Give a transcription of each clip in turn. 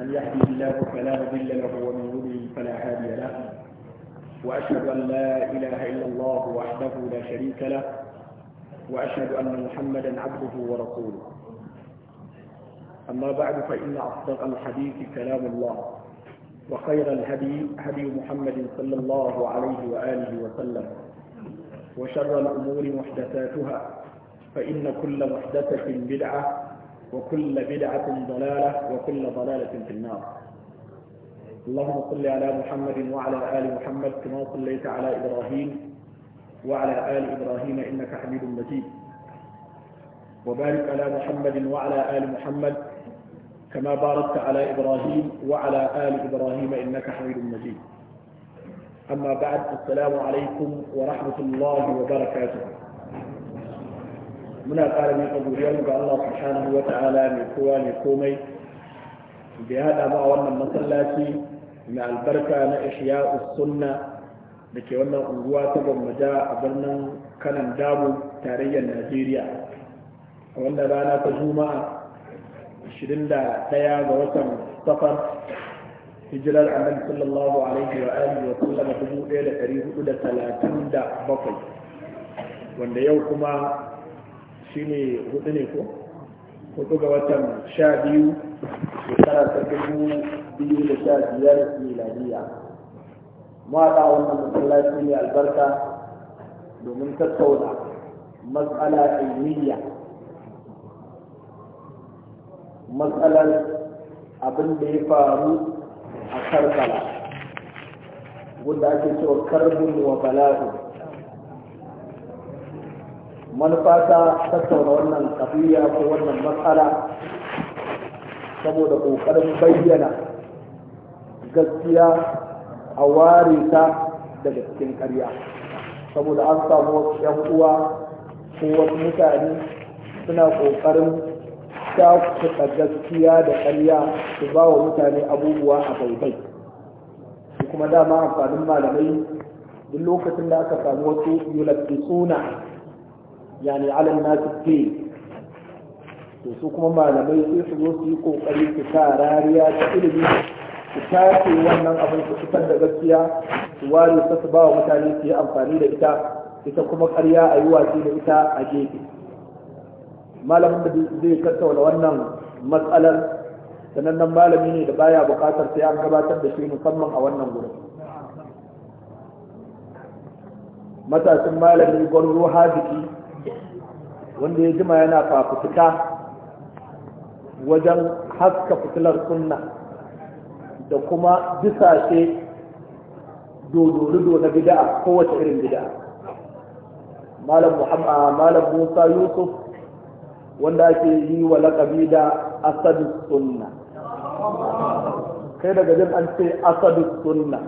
من يهدي الله فلا مضل له ومن يضلل فلا هادي له واشهد ان لا اله الا الله وحده لا شريك له واشهد ان محمدا عبده ورسوله اما بعد فان اصدق الحديث كلام الله وخير الهدي هدي محمد صلى الله عليه واله وسلم وشر الامور محدثاتها فان كل محدثه بدعه وكل بدعة ضلالة وكل ضلالة في النار اللهم صل على محمد وعلى آل محمد كما صليت على إبراهيم وعلى آل إبراهيم إنك حميد مجيد وبارك على محمد وعلى آل محمد كما باركت على إبراهيم وعلى آل إبراهيم إنك حميد مجيد أما بعد السلام عليكم ورحمة الله وبركاته muna ƙara miƙa godiyar ga Allah subhanahu wa ta'ala mai kowa mai komai da ya haɗa mu a wannan masallaci mai albarka na ihya'u sunna da ke wannan unguwa ta gwammaja a birnin kanan damu tarayyar najeriya a wannan rana ta juma'a 21 ga watan safar hijirar annabi sallallahu alaihi wa alihi wa sallam 1437 wanda yau kuma shi ne hudu ne ko hudu ga watan sha biyu shekara ta dubu biyu da sha biyar miladiya mawaɗa wannan masallaci ne albarka domin tattauna matsala ilmiya matsalar abin da ya faru a karbala wanda ake cewa karbin wa bala'u manufata ta tattauna wannan kafiya ko wannan matsala saboda ƙoƙarin bayyana gaskiya a ware ta daga cikin karya saboda an samu ‘yan uwa ko wasu mutane suna ƙoƙarin shakuta gaskiya da ƙarya su ba wa mutane abubuwa a baibai kuma dama amfanin malamai duk lokacin da aka samu wasu yulafi suna yani alal nasu fi to su kuma malamai sai su zo su yi kokari su sa rariya ta ilimi su tace wannan abin su fitar da gaskiya su ware ta su ba wa mutane su yi amfani da ita ita kuma karya a yi watsi da ita a gefe malamin da zai tattauna wannan matsalar sanannen malami ne da baya buƙatar sai an gabatar da shi musamman a wannan gurin matasin malami gwarzo haziki wanda ya jima yana fafutuka wajen haska fitilar sunna da kuma bisashe dodo-dodo na bida'a kowace irin bida'a malam muhammad ah, malam musa yusuf wanda ake yi wa lakabi da asadu sunna kai daga jin an ce asadu sunna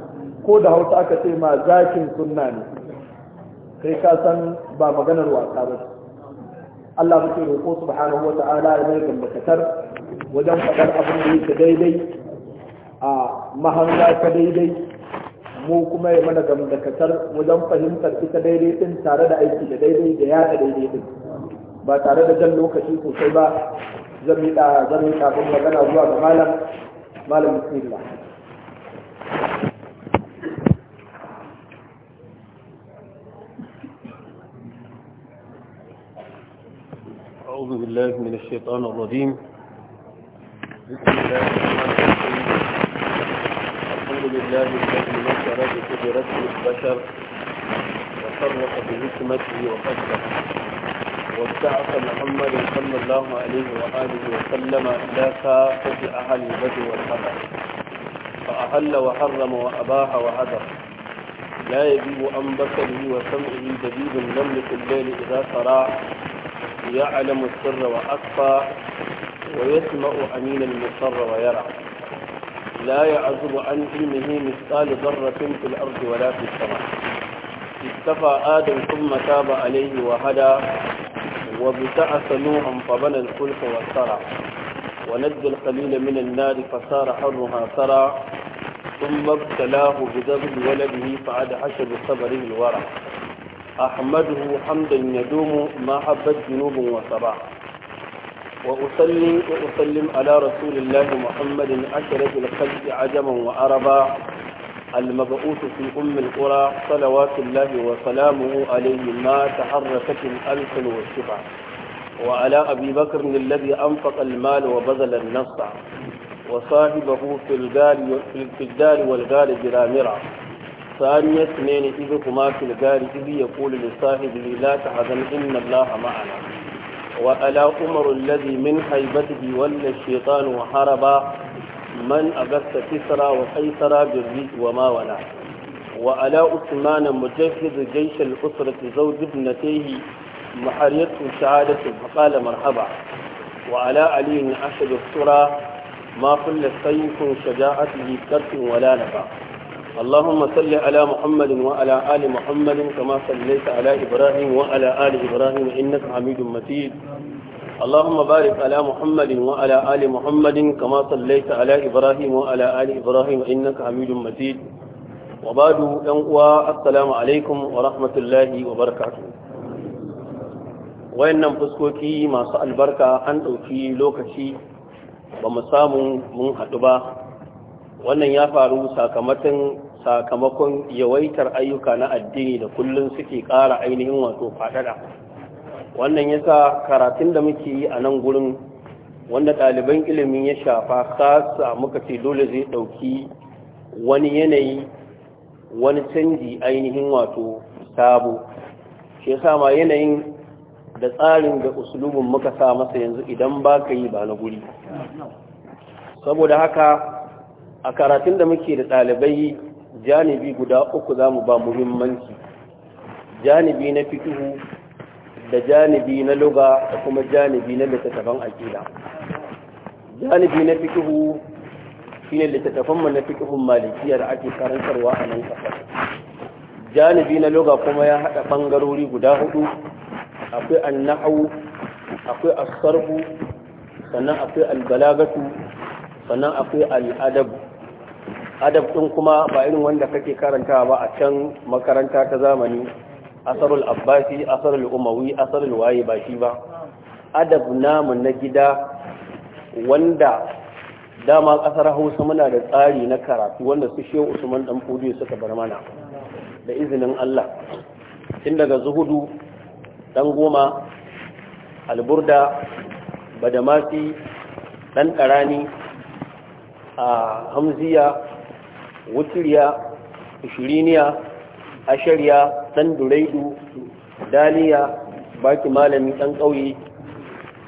ko da hausa aka ce ma zakin sunna ne kai ka san ba maganar wasa ba Allah muke roƙo subhanahu wata'ala ya mai gambatakar wajen faɗar abin da yake daidai a mahanga ta daidai mu kuma ya mana gambatakar wajen fahimtar ita daidai din tare da aiki da daidai da da daidai din ba tare da jan lokaci sosai ba zan yi ɗa zan yi magana zuwa ga malam malam bismillah أعوذ بالله من الشيطان الرجيم بسم الله الرحمن الرحيم الحمد لله الذي نشر بقدرته البشر وصرف بحكمته وقدره وابتعث محمد صلى الله عليه وآله وسلم إلى كافة أهل البدء والحذر فأحل وحرم وأباح وهدر لا يجيب عن بصره وسمعه دبيب لم يكن الليل إذا صراع يعلم السر وأخفى ويسمع أمين المصر ويرى لا يعزب عن علمه مثقال ذرة في الأرض ولا في السماء اكتفى آدم ثم تاب عليه وهدى وبتعث نوحا فبنى الفلك والسرى ونجى الخليل من النار فصار حرها ثرى ثم ابتلاه بذبل ولده فعد حشد صبره الورى أحمده حمدا يدوم ما حبت جنوب وصبا وأصلي وأسلم على رسول الله محمد أشرف الخلق عجما وأربا المبعوث في أم القرى صلوات الله وسلامه عليه ما تحركت الألف والشفع وعلى أبي بكر الذي أنفق المال وبذل النصع وصاحبه في الدار والغال برامرة ثانية اثنين إذا هما في الجار إذ يقول لصاحبه لا تحزن إن الله معنا وألا أمر الذي من هيبته ولى الشيطان وحربا من أبث كسرى وقيصر بالريح وما ولا وألا عثمان مجهز جيش الأسرة زوج ابنتيه محريته سعادة فقال مرحبا وعلى علي أشد الصرى ما قل سيف شجاعته كرت ولا نفاق اللهم صل على محمد وعلى آل محمد كما صليت على إبراهيم وعلى آل إبراهيم إنك حميد مجيد اللهم بارك على محمد وعلى آل محمد كما صليت على إبراهيم وعلى آل إبراهيم إنك حميد مجيد وبعد ينقوى السلام عليكم ورحمة الله وبركاته wayannan fuskoki masu albarka an ɗauki lokaci ba mu samu mun haɗu ba wannan ya faru sakamakon sakamakon yawaitar ayyuka na addini da kullum suke ƙara ainihin wato fadada wannan yasa karatun da muke yi a nan gurin wanda ɗaliban ilimin ya shafa kasa muka ce dole zai ɗauki wani yanayi wani canji ainihin wato sabo shi yasa ma yanayin da tsarin da usulubin muka sa masa yanzu idan ba ka yi ba na guri saboda haka a karatun da muke da ɗalibai janibi guda uku za mu ba muhimmanci janibi na fituhu da janibi na luga da kuma janibi na littattafan aƙida janibi na fituhu shi ne littattafanmu na fituhun malikiya da ake karantarwa a nan ƙasar janibi na luga kuma ya haɗa ɓangarori guda hudu akwai annahu akwai asarbu sannan akwai albalagatu sannan akwai al'adabu adab ɗin kuma ba irin wanda kake karanta ba a can makaranta ta zamani asarul abbasi asarul umawi asarul waye ba shi ba adab namu na gida wanda dama ƙasar hausa muna da tsari na karatu wanda su shehu usman dan fudu suka bar mana da izinin allah tun daga zuhudu dan goma alburda badamati dan ƙarani a hamziya wutiriya shiriniya ashariya ɗan duraidu daliya baki malami ɗan ƙauye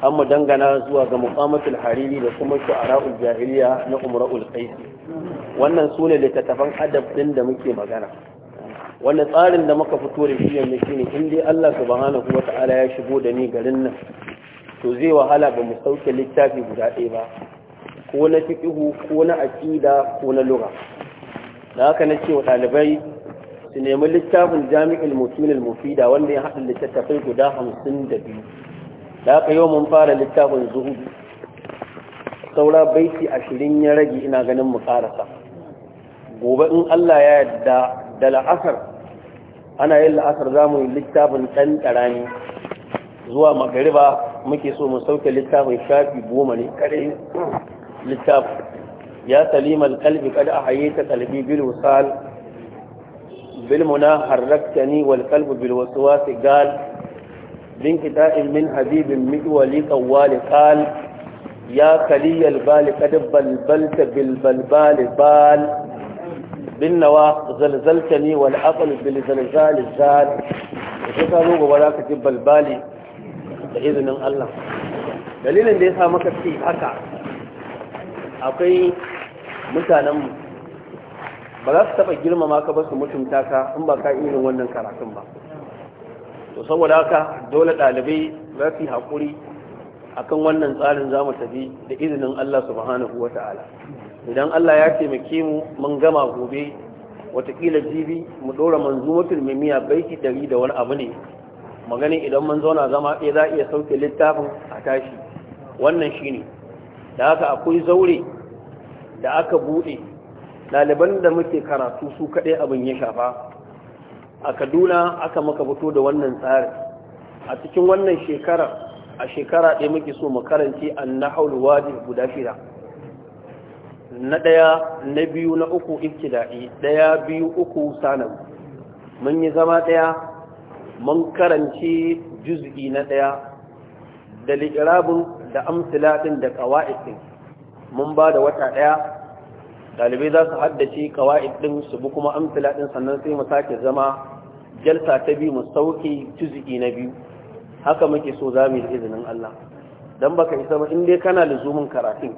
an dangana zuwa ga mukamatul hariri da kuma shu'ara'ul jahiliya na umra'ul qaisi wannan su ne littattafan adab ɗin da muke magana wannan tsarin da muka fito da shi yanzu shine in dai Allah subhanahu wata'ala ya shigo da ni garin nan to zai wahala ba mu sauke littafi guda ɗaya ba ko na fiƙihu ko na aƙida ko na lura da haka na wa ɗalibai su nemi littafin jami'il mutunin mufida wanda ya haɗa littattafai guda hamsin da biyu da haka yau mun fara littafin zuhudu saura baiti ashirin ya rage ina ganin mu karasa gobe in allah ya yadda da la'asar ana yin la'asar za mu yi littafin ɗan ƙarami zuwa magariba muke so mu sauke littafin shafi goma ne kare littafin يا سليم القلب قد أحييت قلبي بالوصال بالمنا حركتني والقلب بالوسواس قال بانقطاع من حبيب مئولي طوال قال يا خلي البال قد بلبلت بالبلبال بال بالنوى زلزلتني والعقل بالزلزال الزال وشكرا نوغو ولاك بإذن الله دليل da ya sa maka fi mutanenmu ba za su taɓa girmama ka ba su mutunta ka in ba ka irin wannan karatun ba to saboda haka dole ɗalibai za su yi haƙuri akan wannan tsarin zamu tafi da izinin Allah subhanahu wa ta'ala idan Allah ya taimake mu mun gama gobe watakila jibi mu dora manzumatul miya baiti ɗari da wani abu ne magani idan mun zauna zama ɗaya za a iya sauke littafin a tashi wannan shine da haka akwai zaure da aka buɗe ɗaliban da muke karatu su kaɗai abin ya shafa a kaduna aka maka fito da wannan tsari a cikin wannan shekara a shekara ɗaya muke so mu karanci an na wajib guda shida na ɗaya na biyu na uku daɗi, ɗaya biyu uku sanar mun yi zama ɗaya mun karanci juz'i na ɗaya da liƙirabin da amsila ɗin da ƙawa'id ɗin mun ba da wata ɗaya ɗalibai za su haddace kawa'id ɗin su bi kuma amsila ɗin sannan sai mu sake zama jalsa ta biyu mu sauke juzuki na biyu haka muke so za mu yi izinin Allah dan baka isa ba in dai kana luzumin karatun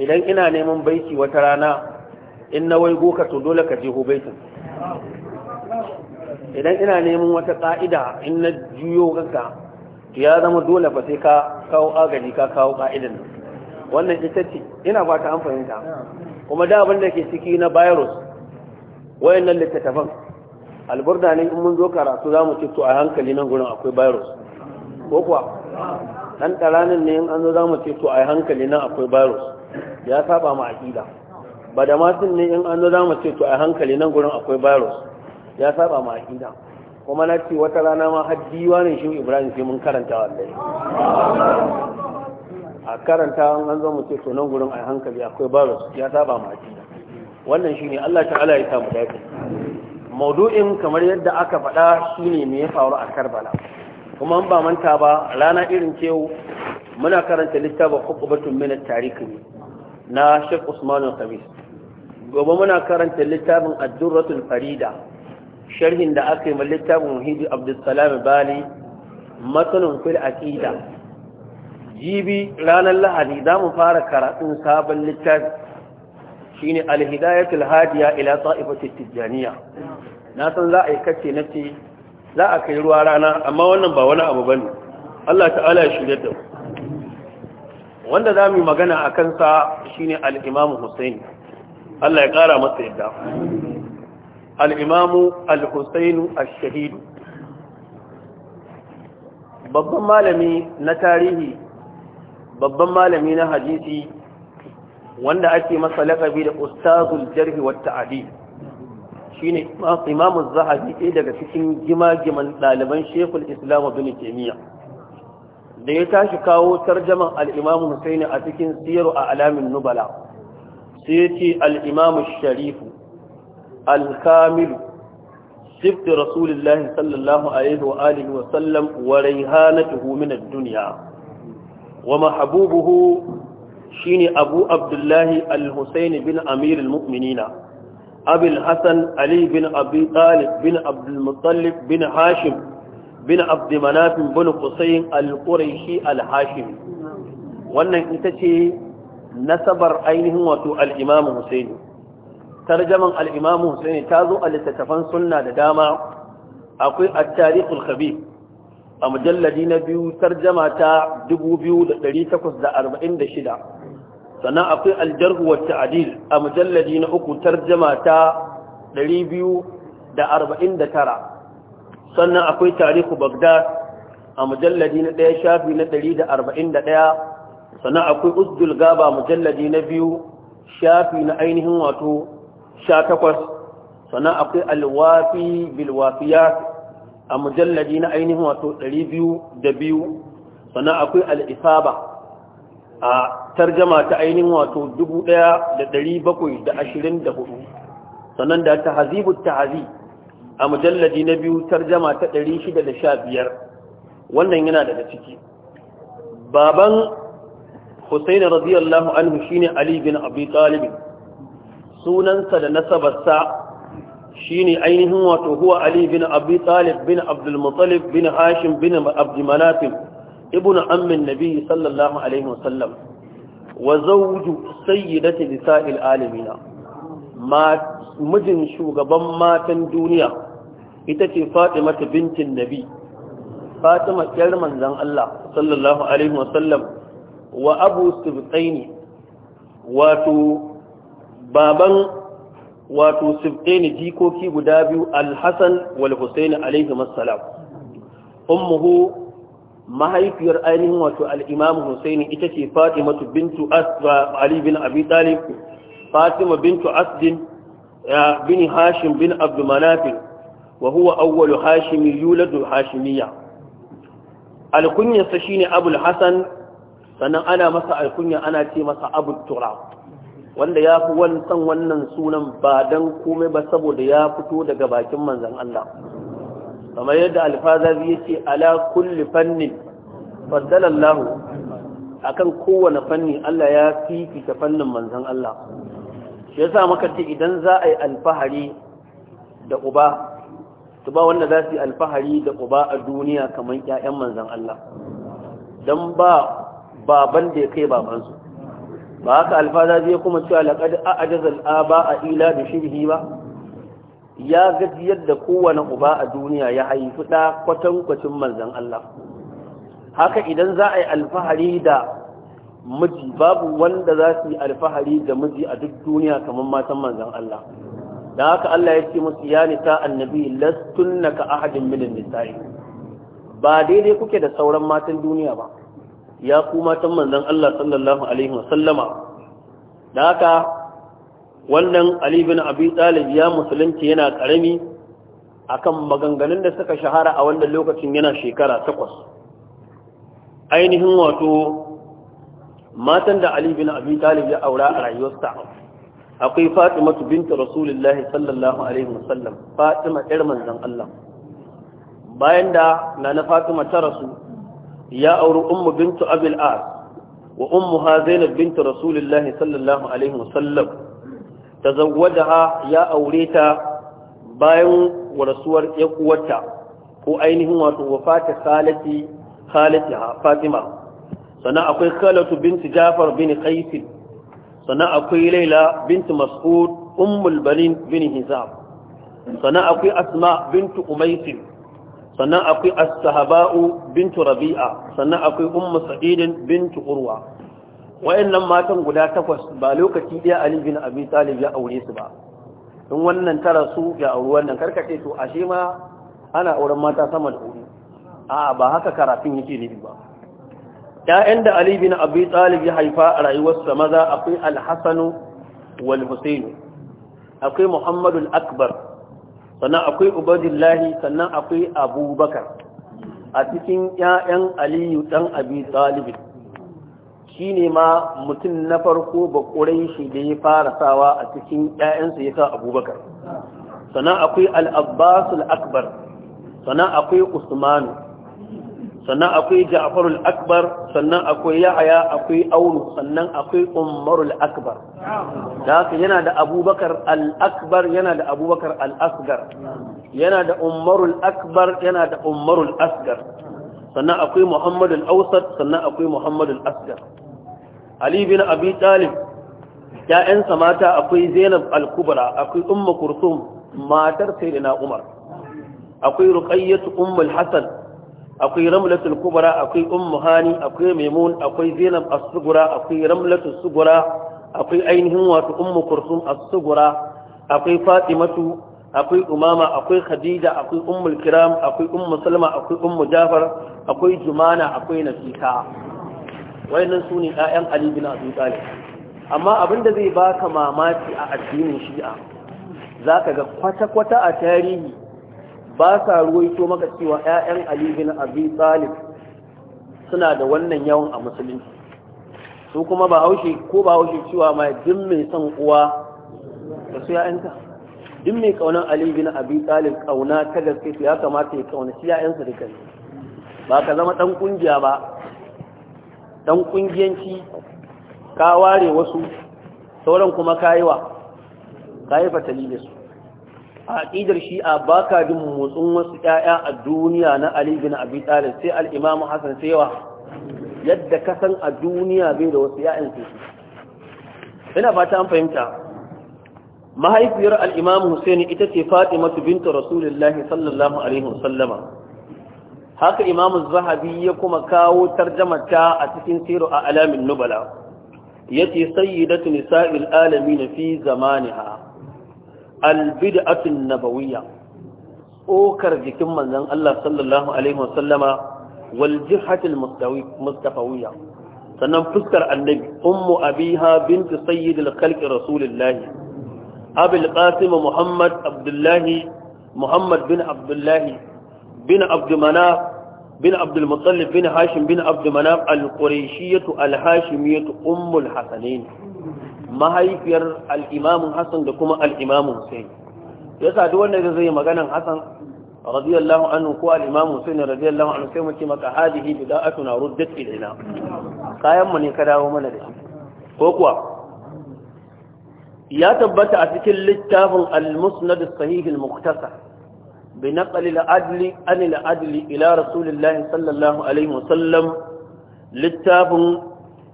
idan ina neman baiti wata rana in na waigo ka to dole ka jeho baitin idan ina neman wata ƙa'ida in na juyo kanka ya zama dole ba sai ka kawo agaji ka kawo ƙa'idan nan wannan ita ce ina ba ta amfani fahimta kuma da abin da ke ciki na virus nan littattafan alburda ne in mun zo karatu za mu ce to a hankali nan gudun akwai virus ko kuwa ɗan tsaranin ne in an zo za mu ce to a hankali nan akwai virus ya saba mu aƙida ba da masin ne in an zo za mu ce to a hankali nan gudun akwai virus ya saba mu aƙida kuma na ce wata rana ma har wani shi ibrahim sai mun karanta wa a karanta an zo mu ce to nan gurin a hankali akwai barus ya saba ma akida wannan shine Allah ta'ala ya samu dace maudu'in kamar yadda aka faɗa shine me ya faru a Karbala kuma an ba manta ba rana irin yau muna karanta littafin hukubatun min at-tarikh na Sheikh Usman al-Khamis gobe muna karanta littafin ad-durratul farida sharhin da aka yi ma littafin Muhidi Abdul Salam Bali matsalin fil aqida jibi ranar lahadi za mu fara karatun sabon littafi Shi shine alhidayatul hadiya ila ta'ifatit tijjaniya. na san za a yi kace na ce za a kai ruwa rana amma wannan ba wani abu bane Allah ta'ala ya shirya da wanda za mu yi magana a kansa shi ne Al'imamu Hussein Allah ya ƙara masa yadda Al'imamu al-Hussein ash shahidu. babban malami na tarihi babban malami na hadisi wanda ake masa lakabi da ustazul jarhi wa ta'adi shine imam az-zahabi ɗaya daga cikin gimagiman ɗaliban shekul islam ibn taymiya da ya tashi kawo tarjaman al-imam husaini a cikin siyaru a alamin nubala sai yace ce al-imam sharifu al-kamilu sift rasulullahi sallallahu alaihi wa alihi wa sallam wa raihanatuhu min ad-dunya wa mahabubuhu shine abu abdullahi al-husayn bin amir al-mu'minina abul hasan ali bin abi talib bin abdul bin hashim bin abd manaf bin husayn al-quraishi al-hashim wannan ita ce nasabar ainihin wato al-imam husayn tarjaman al-imam ta zo a littattafan sunna da dama akwai at a mujalladi na biyu tarjama ta 2846 sannan akwai aljarhu wa ta'dil a mujalladi na uku tarjama ta 249 sannan akwai tarihu bagdad a mujalladi na ɗaya shafi na 141 sannan akwai usdul gaba mujalladi na biyu shafi na ainihin wato 18 sannan akwai alwafi bilwafiya. a mujalladi na ainihin wato 202 sannan akwai al'isaba a tarjama ta ainihin wato 1724 sannan da ta hazibu ta hazi a mujalladi na biyu tarjama ta 615 wannan yana daga ciki baban Hussein radiyallahu anhu shine Ali bin Abi Talib sunansa da nasabarsa shine ainihin wato huwa ali bin abi talib bin abdul muttalib bin hashim bin abd manaf ibn ammi nabi sallallahu alaihi wasallam wa zawju sayyidati nisa'il alamin ma mijin shugaban matan duniya ita ce fatima bintin nabi fatima kyar manzon Allah sallallahu alaihi wasallam wa abu sibtaini wato baban wato sibtaini jikoki guda biyu alhassan wal husaini alaihi masalam ummuhu mahaifiyar ainihin wato al'imam husaini ita ce Fatima bintu asba ali bin abi talib fatima bintu asdin bin hashim bin abdumanafin wa huwa awwalu hashimi yuladu hashimiyya alkunyarsa shine abul hasan sannan ana masa alkunya ana ce masa abu turab wanda ya fi wancan wannan sunan ba don komai ba saboda ya fito daga bakin manzan Allah kamar yadda alfazazi ya ce ala kulli fannin a kan kowane fanni Allah ya fifita fannin manzan Allah shi yasa maka ce idan za a yi alfahari da uba su ba wanda za su yi alfahari da uba a duniya kamar 'ya'yan manzan Allah don ba baban da ya kai babansu ba haka alfada zai kuma cewa laƙad a ajazal aba a ila da shirhi ba ya gajiyar da kowane uba a duniya ya haifi ɗa kwatankwacin manzan Allah haka idan za a yi alfahari da miji babu wanda za su yi alfahari da miji a duk duniya kamar matan manzan Allah don haka Allah ya ce musu ya nisa annabi lastunna naka ahadin milin nisa'i ba daidai kuke da sauran matan duniya ba ya ku matan manzon Allah sallallahu alaihi wasallama da haka wannan Ali bin Abi Talib ya musulunci yana karami akan maganganun da suka shahara a wannan lokacin yana shekara takwas ainihin wato matan da Ali bin Abi Talib ya aura a rayuwarsa akwai Fatima binta Rasulullah sallallahu alaihi wasallam Fatima ƴar manzon Allah bayan da na Fatima ta rasu ya auri ummu bintu abil as wa ha zainab bintu rasulullah sallallahu alaihi wasallam ha ya aure ta bayan rasuwar uwarta ko ainihin wato wafata khalati khalatiha fatima sannan akwai khalatu binti jafar bin qais sannan akwai laila binti mas'ud ummul banin bin hizab. sannan akwai asma bintu umaysin sannan akwai as-sahaba'u bintu rabi'a sannan akwai ummu sa'idin bintu urwa wayannan matan guda takwas ba lokaci daya ali bin abi talib ya aure su ba in wannan tara su ya auri wannan karkace to ashe ma ana auren mata sama da hudu a ba haka karafin yake ne ba ƴaƴan da ali bin abi talib ya haifa a rayuwarsa maza akwai al-hasan wal husayn akwai muhammadul akbar sannan akwai ubadullahi sannan akwai abubakar a cikin 'ya'yan aliyu ɗan abi talibin shi ne ma mutum na farko ba shi da ya fara sawa a cikin 'ya'yansa ya sa abubakar sannan akwai al'abbasul akbar sannan akwai usmanu sannan akwai ja'farul akbar sannan akwai yahaya akwai aunu sannan akwai umarul akbar da haka yana da abubakar al-akbar yana da abubakar al-asgar yana da umarul akbar yana da umarul asgar sannan akwai muhammadul ausat sannan akwai muhammadul asgar ali bin abi talib ya'yansa mata akwai zainab al-kubra akwai Umma kursum matar sayyidina umar akwai ruqayyah ummul hasan akwai ramlatul kubra akwai ummu hani akwai maimun akwai zainab as-sugura akwai ramlatul sugura akwai ainihin wato ummu kursum as-sugura akwai fatimatu akwai umama akwai khadija akwai ummul kiram akwai ummu salma akwai ummu jafar akwai jumana akwai nafisa wayannan su ne ƴaƴan ali bin abi talib amma abinda zai baka mamaki a addinin shi'a zaka ga kwata-kwata a tarihi ba sa ruwaito maka cewa ‘ya'yan Ali Abin Abi suna da wannan yawan a musulunci su kuma ba haushe ko ba haushe cewa mai duk mai son uwa da su ‘ya'yanta duk mai kaunar Ali Abin Abi Talib kauna ta gaske su ya kamata ya shi ‘ya'yansa da kai ba ka zama ɗan ƙungiya ba ɗan ƙungiyanci ka ware wasu sauran kuma kayiwa kayi fatali da su a aƙidar shi'a ba ka jin motsin wasu ƴaƴa a duniya na Ali bin Abi Talib sai al-Imam Hassan sai yadda ka san a duniya bai da wasu ƴaƴan su ina fata an fahimta mahaifiyar al-Imam ita ce Fatima bintu Rasulullah sallallahu alaihi wasallama haka Imam Zahabi ya kuma kawo ta a cikin Siru a Alamin Nubala yace sayyidatu nisa'il alamin fi zamaniha albid'atun nabawiyya tsokar jikin manzon Allah sallallahu alaihi wasallama wal jihatul sannan fuskar annabi ummu abiha bint sayyidil khalqi rasulillah abul qasim muhammad abdullahi muhammad bin abdullahi bin abdul manaf بن bin المطلب bin هاشم بن عبد مناف القريشية الهاشمية أم الحسنين mahaifiyar al'imamin hassan da kuma al'imamin hussein ya sa duk wanda zai yi maganan hassan radiyallahu anhu ko al'imamin hussein radiyallahu anhu sai muke maka hadihi bi da'atu na ruddat ilaina Kayanmu ne ka dawo mana da shi ko kuwa ya tabbata a cikin littafin al-musnad as-sahih al-mukhtasar bi naql al-adli an al-adli ila rasulillah sallallahu alaihi wasallam littafin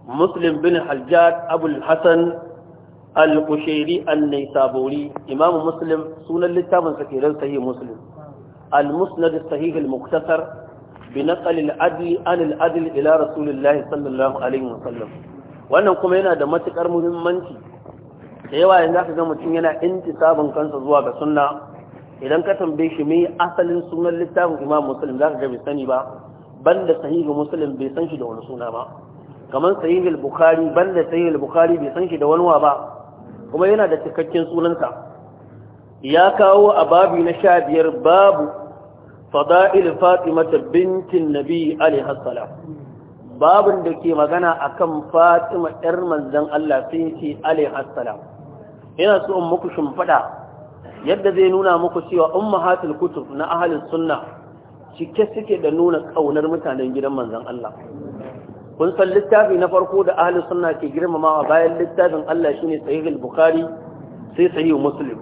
muslim bin hajjad abul hasan al-kushairi al-naisaburi imamu muslim sunan littafin sakiran sahih muslim al muktasar بنقل العدل عن العدل إلى رسول الله صلى الله عليه وسلم wannan kuma yana da matukar muhimmanci da yawa yanzu aka ga mutum yana intisabin kansa zuwa ga sunna idan ka tambaye shi me asalin sunan littafin Imam Muslim zaka ga bai sani ba banda sahihu Muslim bai san shi da wani suna ba kamar sahih al-bukhari banda sahih al-bukhari bai san shi da walwa ba kuma yana da cikakken sunansa ya kawo a babu na sha biyar babu fada'il fatimata bintin nabi alaihi salam babin da ke magana akan fatima yar manzon Allah sai ce alaihi so in muku shimfada yadda zai nuna muku cewa ummahatul kutub na ahlus sunna cike suke da nuna kaunar mutanen gidan manzon Allah kun san littafi na farko da ahli sunna ke girmamawa bayan littafin Allah shine sahih al-bukhari sai sahih muslim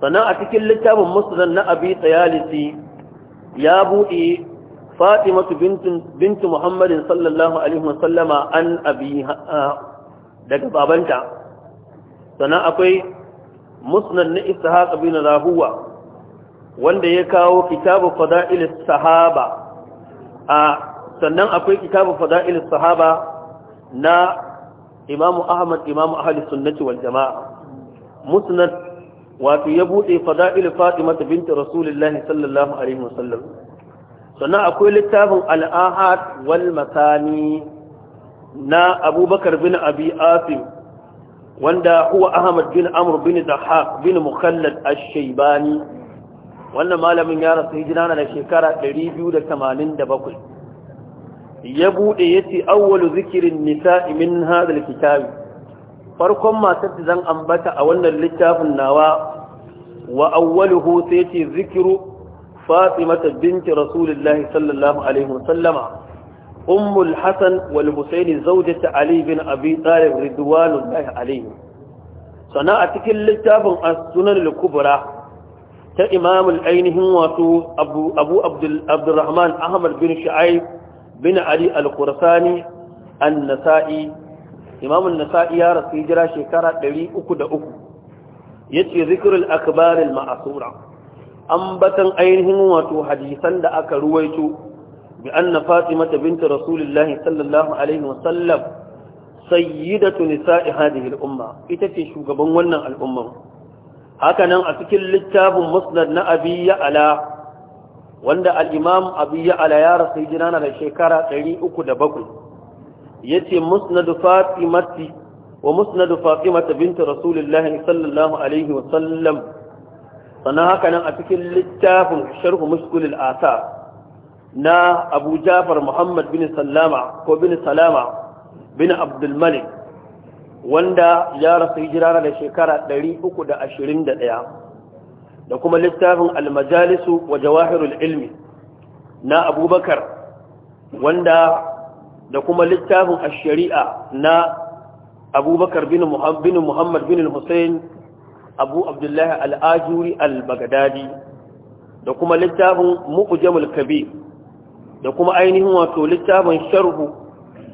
sannan a cikin littafin muslim na abi tayalisi ya bude buɗe fatimatu bintu muhammadin sallallahu alaihi wasallama an abi daga babanta sannan akwai musnad na ishaq bin rahuwa wanda ya kawo kitabu fada'il sahaba a sannan akwai kitabu fada'il sahaba na imamu ahmad imamu ahli sunnati wal jama'a musnad wato ya bude fada'il fatima Binta rasulullahi sallallahu alaihi wasallam sannan akwai littafin al'ahad wal masani na abubakar bin abi asim wanda huwa ahmad bin amr bin dahaq bin mukhallad ash-shaybani wannan malamin ya rasu hijira da shekara 287 ya buɗe ya ce awwalu zikirin nisa min hadal kitabi farkon matar da zan ambata a wannan littafin nawa wa awwaluhu sai ce zikiru fatimata binti rasulillahi sallallahu alaihi wasallama ummul hasan wal husaini zawjata ali bin abi talib ridwanullahi alaihi sana a cikin littafin as-sunan al-kubra ta imamul ainihin wato abu abu abdul abdurrahman ahmad bin shu'aib bin ali al-qursani an-nasa'i imam an-nasa'i ya rasu hijira shekara 303 yace zikrul akbar al-ma'sura ambatan ainihin wato hadisan da aka ruwaito bi anna mata Binta rasulillah sallallahu alaihi wa sallam sayyidatu nisa'i hadhihi al-umma ita ce shugaban wannan al'umma haka nan a cikin littafin musnad na abi ya'ala wanda al-imam abi ya'ala ya rasu jina na da shekara 307 yace musnad fatimati wa musnad fatimata bint rasulullahi sallallahu alaihi wa sallam sannan haka nan a cikin littafin Sharhu mushkil al-athar na Abu Jafar Muhammad bin Salama ko bin Salama bin Abdulmalik, wanda ya rasu hijira da shekara 321 da kuma littafin almajalisu wa jawahirul ilmi na abubakar wanda da kuma littafin ashari'a na abubakar bin muhammad bin hussein abu abdullahi al'ajuri al-bagadadi da kuma littafin mukujamul kabir da kuma ainihin wato littafin sharhu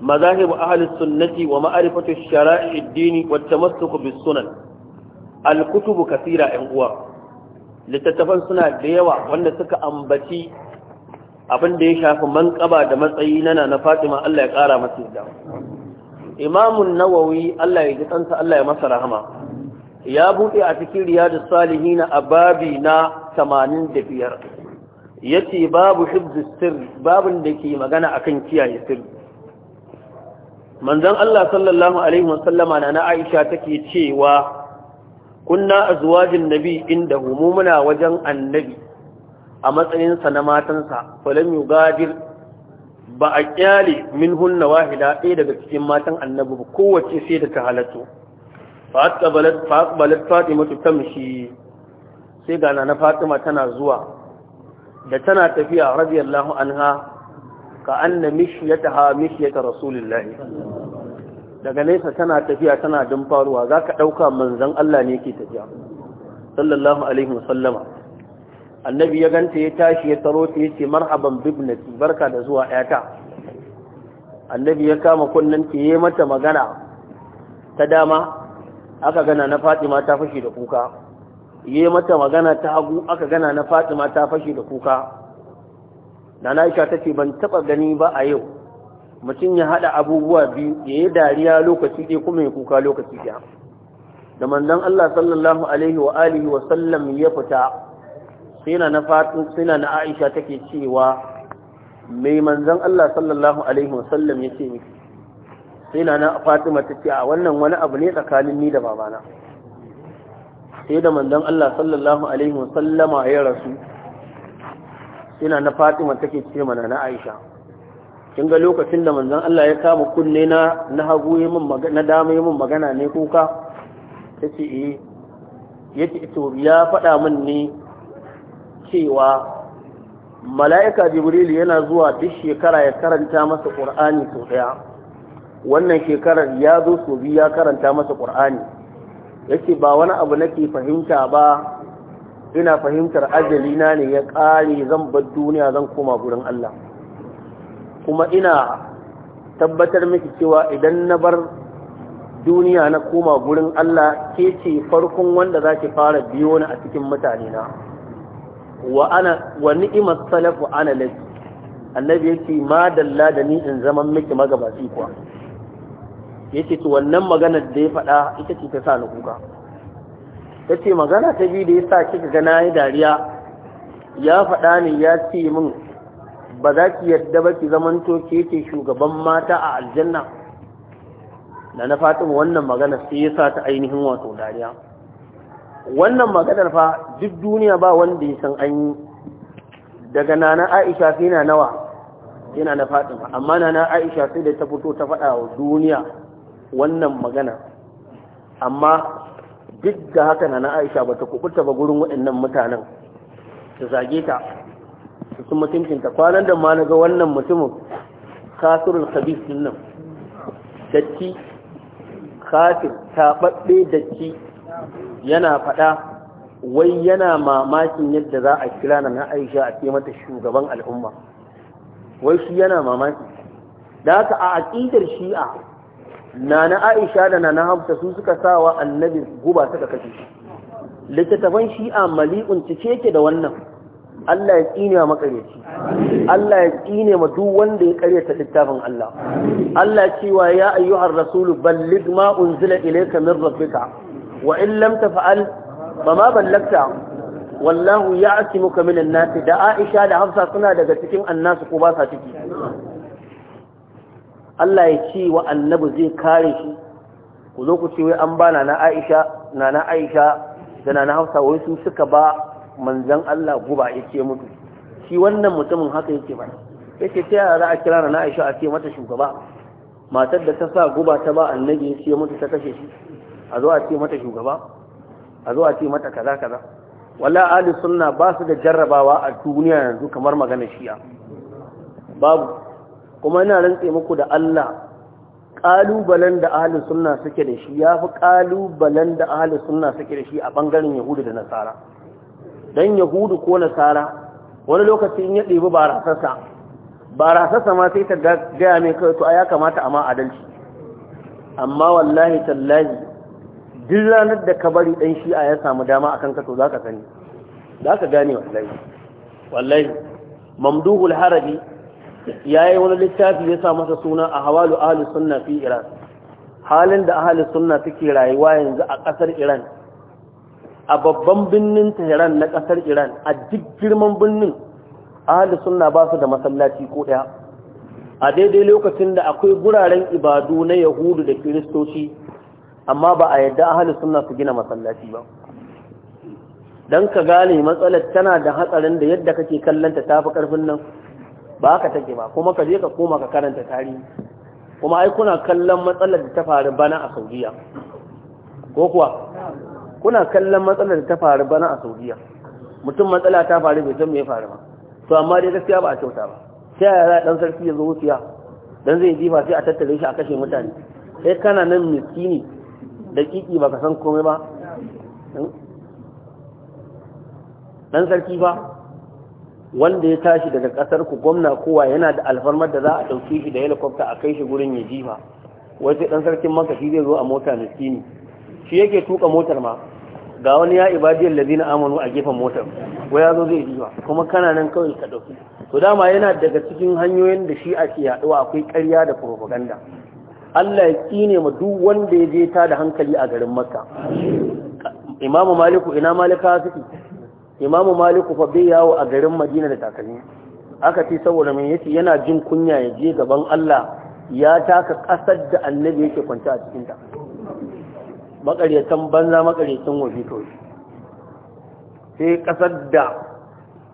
مذاهب أهل السنة ومعرفة الشرائع الدين al kutubu kasira 'yan uwa. littattafan suna da yawa wanda suka ambaci abin da ya shafi manƙaba da matsayi nana na fatima Allah ya ƙara masa yadda imamun nawawi Allah ya ji kansa Allah ya masa rahama ya buɗe a cikin riyadus salihina a babi na 85 yace babu hibzus sirri babin da ke magana akan kiyaye sirri manzon Allah sallallahu alaihi wasallama na na Aisha take cewa kunna azwajin nabi inda mu muna wajen annabi a matsayinsa na matansa falam yugadir ba a kyale min hunna wahida ɗaya daga cikin matan annabi ba kowace sai da ta halatto fa aqbalat fatima tamshi sai ga na fatima tana zuwa da tana tafiya radiyallahu anha ka anna mishyataha mishyata rasulillahi daga nesa tana tafiya tana dumfaruwa za ka ɗauka manzan Allah ne ke tafiya sallallahu alaihi wasallama annabi ya ganta ya tashi ya taro ta ya ce marhaban bibnati barka da zuwa ƴata annabi ya kama kunnen ta yi mata magana ta dama aka gana na fatima ta fashi da kuka yi mata magana ta hagu aka gana na fatima ta fashi da kuka na na ta ce ban taɓa gani ba a yau mutum ya haɗa abubuwa biyu ya yi dariya lokaci ɗaya kuma ya kuka lokaci ɗaya da manzon Allah sallallahu alaihi wa alihi wa sallam ya fita sai na fatu sai na Aisha take cewa mai manzon Allah sallallahu alaihi wa sallam ya ce miki sai na Fatima ta ce a wannan wani abu ne tsakanin ni da babana sai da manzon Allah sallallahu alaihi wa sallama ya rasu sai na Fatima take ce mana na Aisha kin ga lokacin da manzon Allah ya kama kunne na na hagu yi mun magana na dama yi magana ne kuka tace eh yace to ya faɗa min ne cewa mala'ika jibril yana zuwa duk shekara ya karanta masa qur'ani to daya wannan shekarar ya zo so biyu ya karanta masa qur'ani yace ba wani abu nake fahimta ba ina fahimtar ajalina ne ya kare zan bar duniya zan koma gurin Allah kuma ina tabbatar miki cewa idan na bar duniya na koma gurin Allah ke ce farkon wanda za ki fara biyo ni a cikin mutane na wa ana wa ni'imat salafu ana laki annabi yake ma dalla da ni in zaman miki magabaci kuwa yace to wannan maganar da ya faɗa ita ce ta sa ni kuka yace magana ta biyu da yasa kika ga nayi dariya ya faɗa ne ya ce min ba za ki yadda ba ki zamanto ke ce shugaban mata a aljanna da na fatin wannan magana sai ya sa ta ainihin wato dariya wannan maganar fa duk duniya ba wanda ya san an yi daga nana aisha sai na nawa yana na fatin, amma nana aisha sai da ta fito ta faɗa wa duniya wannan magana amma duk da haka nana aisha ba ta kubuta ba gurin waɗannan mutanen ta zage ta su sun mutuncinta kwanan da ma na ga wannan mutumin kasurin sabis din nan datti kafin taɓaɓɓe datti yana faɗa wai yana mamakin yadda za a kira na aisha a ce mata shugaban al'umma wai shi yana mamaki da haka a aƙidar shi'a na na aisha da na na hafta su suka sawa annabi guba suka kashe shi littattafan shi'a mali'un cike ke da wannan Allah ya tsine wa makaryaci Allah ya tsine ma duk wanda ya karyata littafin Allah Allah cewa ya ayyuhar rasulu balligh ma unzila ilayka min rabbika wa in lam taf'al fa ma ballagta wallahu ya'timuka min an-nas da Aisha da Hafsa suna daga cikin annasu ko ba sa ciki Allah ya ce wa annabi zai kare shi ku zo ku ce wai an ba na Aisha na na Aisha da na na Hafsa wai su suka ba manzan Allah guba yake mutu shi wannan mutumin haka yake ba yake ta yara a kira na Aisha a ce mata shugaba matar da ta sa guba ta ba annabi ya ce mutu ta kashe shi a zo a ce mata shugaba a zo a ce mata kaza kaza wala ahli sunna ba su da jarrabawa a duniya yanzu kamar magana shiya babu kuma ina rantse muku da Allah ƙalubalen da ahalin sunna suke da shi ya fi ƙalubalen da ahalin sunna suke da shi a ɓangaren yahudu da nasara dan yahudu ko nasara wani lokaci in ya ɗebi barasarsa barasarsa ma sai ta gaya mai kai to a ya kamata a ma adalci amma wallahi tallahi duk ranar da ka bari ɗan a ya samu dama akan ka to za ka sani za ka gane wallahi wallahi mamduhul harabi ya yi wani littafi ya sa masa suna a hawalu ahli sunna fi iran halin da ahli sunna suke rayuwa yanzu a ƙasar iran a babban birnin Tehran na ƙasar Iran a duk girman birnin ahli sunna ba su da masallaci ko ɗaya a daidai lokacin da akwai guraren ibadu na yahudu da kiristoci amma ba a yadda ahli sunna su gina masallaci ba dan ka gane matsalar tana da hatsarin da yadda kake kallanta ta fi ƙarfin nan ba ka take ba kuma ka je ka koma ka karanta tarihi kuma ai kuna kallon matsalar da ta faru bana a saudiya ko kuwa kuna kallon matsalar da ta faru bana a saudiya mutum matsala ta faru bai san me ya faru ba to amma dai gaskiya ba a kyauta ba sai ya dan sarki ya zo wuciya dan zai jifa sai a tattare shi a kashe mutane sai kana nan miskini da kiki ka san komai ba hmm? dan sarki ba wanda ya tashi daga kasar ku gwamna kowa yana da alfarmar da za a dauke shi da helicopter a kai shi gurin ya jifa wai sai dan sarkin maka shi zai zo a mota miskini shi yake tuka motar ma ga wani ya ibadiyar ladina amanu a gefen motar wai ya zo zai riba kuma kana nan kawai ka dauki to dama yana daga cikin hanyoyin da shi ake yaɗuwa akwai karya da propaganda Allah ya kine ma duk wanda ya je ta da hankali a garin Makka Imam Maliku ina Malika suke Imam Maliku fa bai yawo a garin Madina da takalmi aka ce saboda mai yace yana jin kunya ya je gaban Allah ya taka kasar da annabi yake kwanta a cikin makaryatan banza makaryatan wafi kawai sai kasar da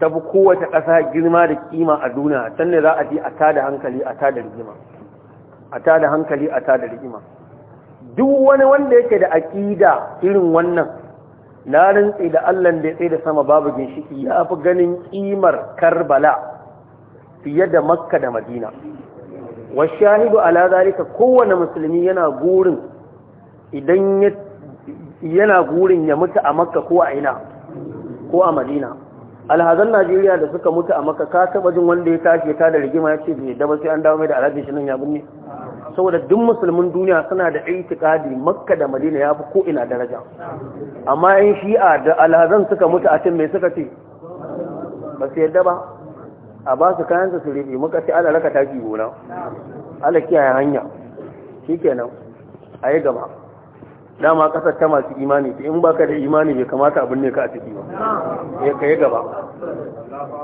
ta fi kowace ƙasa girma da kima a duniya can ne za a ji a tada hankali a tada rigima a tada hankali a tada rigima duk wani wanda yake da aƙida irin wannan na rintsi da allah da ya tsaye da sama babu ginshiki ya fi ganin ƙimar karbala fiye da makka da madina wasu shahidu ala zalika kowane musulmi yana gurin idan yana gurin ya mutu a makka ko a ina ko a madina alhazan najeriya da suka mutu a makka ka taba jin wanda ya tashi ta da rigima ya ce bai da sai an dawo mai da alhazin shi nan ya binne saboda duk musulmin duniya suna da itikadi makka da madina ya fi ko ina daraja amma yan shi'a da alhazan suka mutu a can mai suka ce ba su yadda ba a ba su kayan su rufe muka ce ala raka taki gona ala kiyaye hanya shikenan a yi gaba dama kasar ta masu imani in baka da imani bai kamata abin ne ka a ciki ba ya kai gaba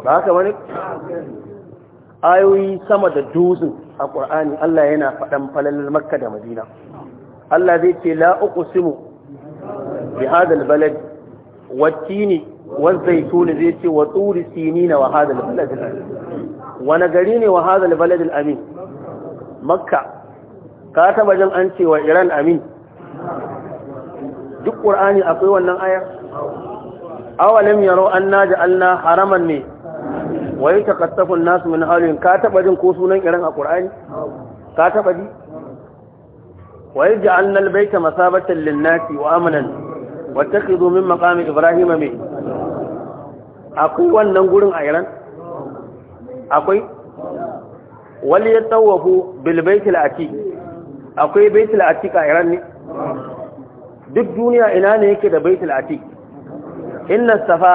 ba haka bane ayoyi sama da dozin a ƙur'ani Allah yana faɗan falalar makka da madina Allah zai ce la uku uqsimu bi tsuri albalad wattini والزيتون زيتي وطور سينين وهذا البلد الأمين ونقريني وهذا البلد الأمين مكة كاتب جمع أنت iran amin. duk qur'ani akwai wannan ayar awalam yaro anna ja'alna haraman ne wa yatakassafu an-nas min hawlin ka taba jin ko sunan irin a qur'ani ka taba ji wa yaj'alna al-bayta masabatan lin-nasi wa amanan wattakhidhu min maqami ibrahima min akwai wannan gurin a iran akwai wal yatawafu bil baytil atiq akwai baytil atiq a iran ne duk duniya ina ne yake da baitul atiq inna safa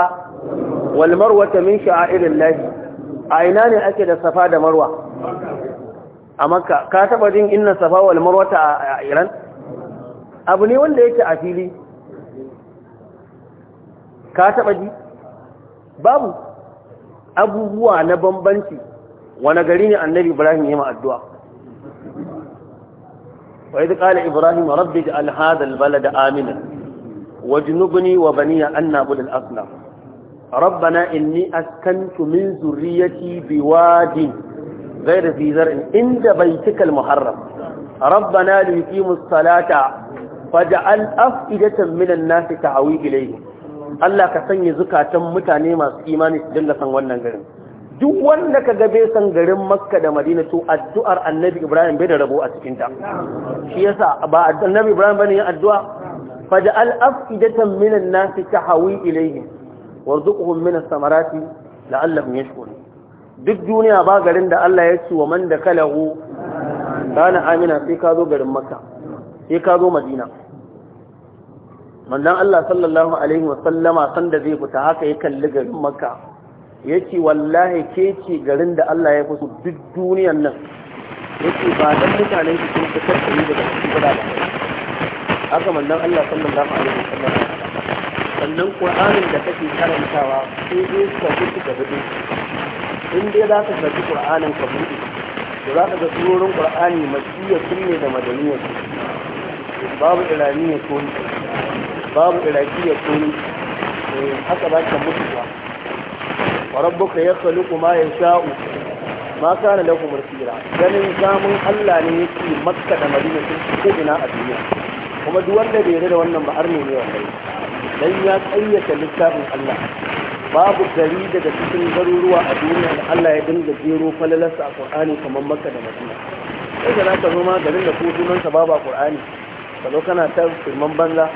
wal marwa min sha'airillahi a ina ne ake da safa da marwa a makka ka taba jin inna safa wal marwa a iran abu ne wanda yake a fili ka taba ji babu abubuwa na bambanci wani gari ne annabi ibrahim ya ma addu'a وإذ قال إبراهيم رب اجعل هذا البلد آمنا واجنبني وبني أن نعبد الأصنام ربنا إني أسكنت من ذريتي بواد غير ذي زرع عند بيتك المحرم ربنا ليقيموا الصلاة فاجعل أفئدة من الناس تعوي إليهم Allah ka sanya zukatan mutane masu imani su dinga san wannan garin duk wanda ka gabe san garin makka da madina to addu'ar annabi ibrahim bai da rabo a cikinta shi yasa ba annabi ibrahim bane yin addu'a faj'al afidatan minan nasi tahawi ilayhi warzuqhum min as-samarati la'allahum yashkurun duk duniya ba garin da Allah ya ci wa man da kalahu kana amina sai ka zo garin makka sai ka zo madina manzon Allah sallallahu alaihi wa wasallama sanda zai fita haka ya kalli garin makka ce, wallahi ke ce garin da Allah ya fi duk duniyar nan ce ba dan mutane ki sun fitar da daga cikin gudana haka manzon Allah sallallahu alaihi wasallam sannan Qur'anin da kake karantawa sai dai ka fito da fito in dai za ka karbi Qur'anin ka buɗe to za ka ga surorin Qur'ani iya sunne da madaniyya babu iraniyya ko babu iraqiyya ko eh, haka ba ka mutuwa. wa ya yakhluqu ma yasha'u ma kana lakum rasira ganin zamun Allah ne yake Makka da Madina sun ko ina a duniya kuma duk wanda bai yarda da wannan ba har ne wannan dan ya kayyata littafin Allah babu gari daga cikin garuruwa a duniya da Allah ya dinga jero falalarsa a Qur'ani kamar Makka da Madina sai da naka zo ma garin da ko babu a Qur'ani ka zo kana ta firman banza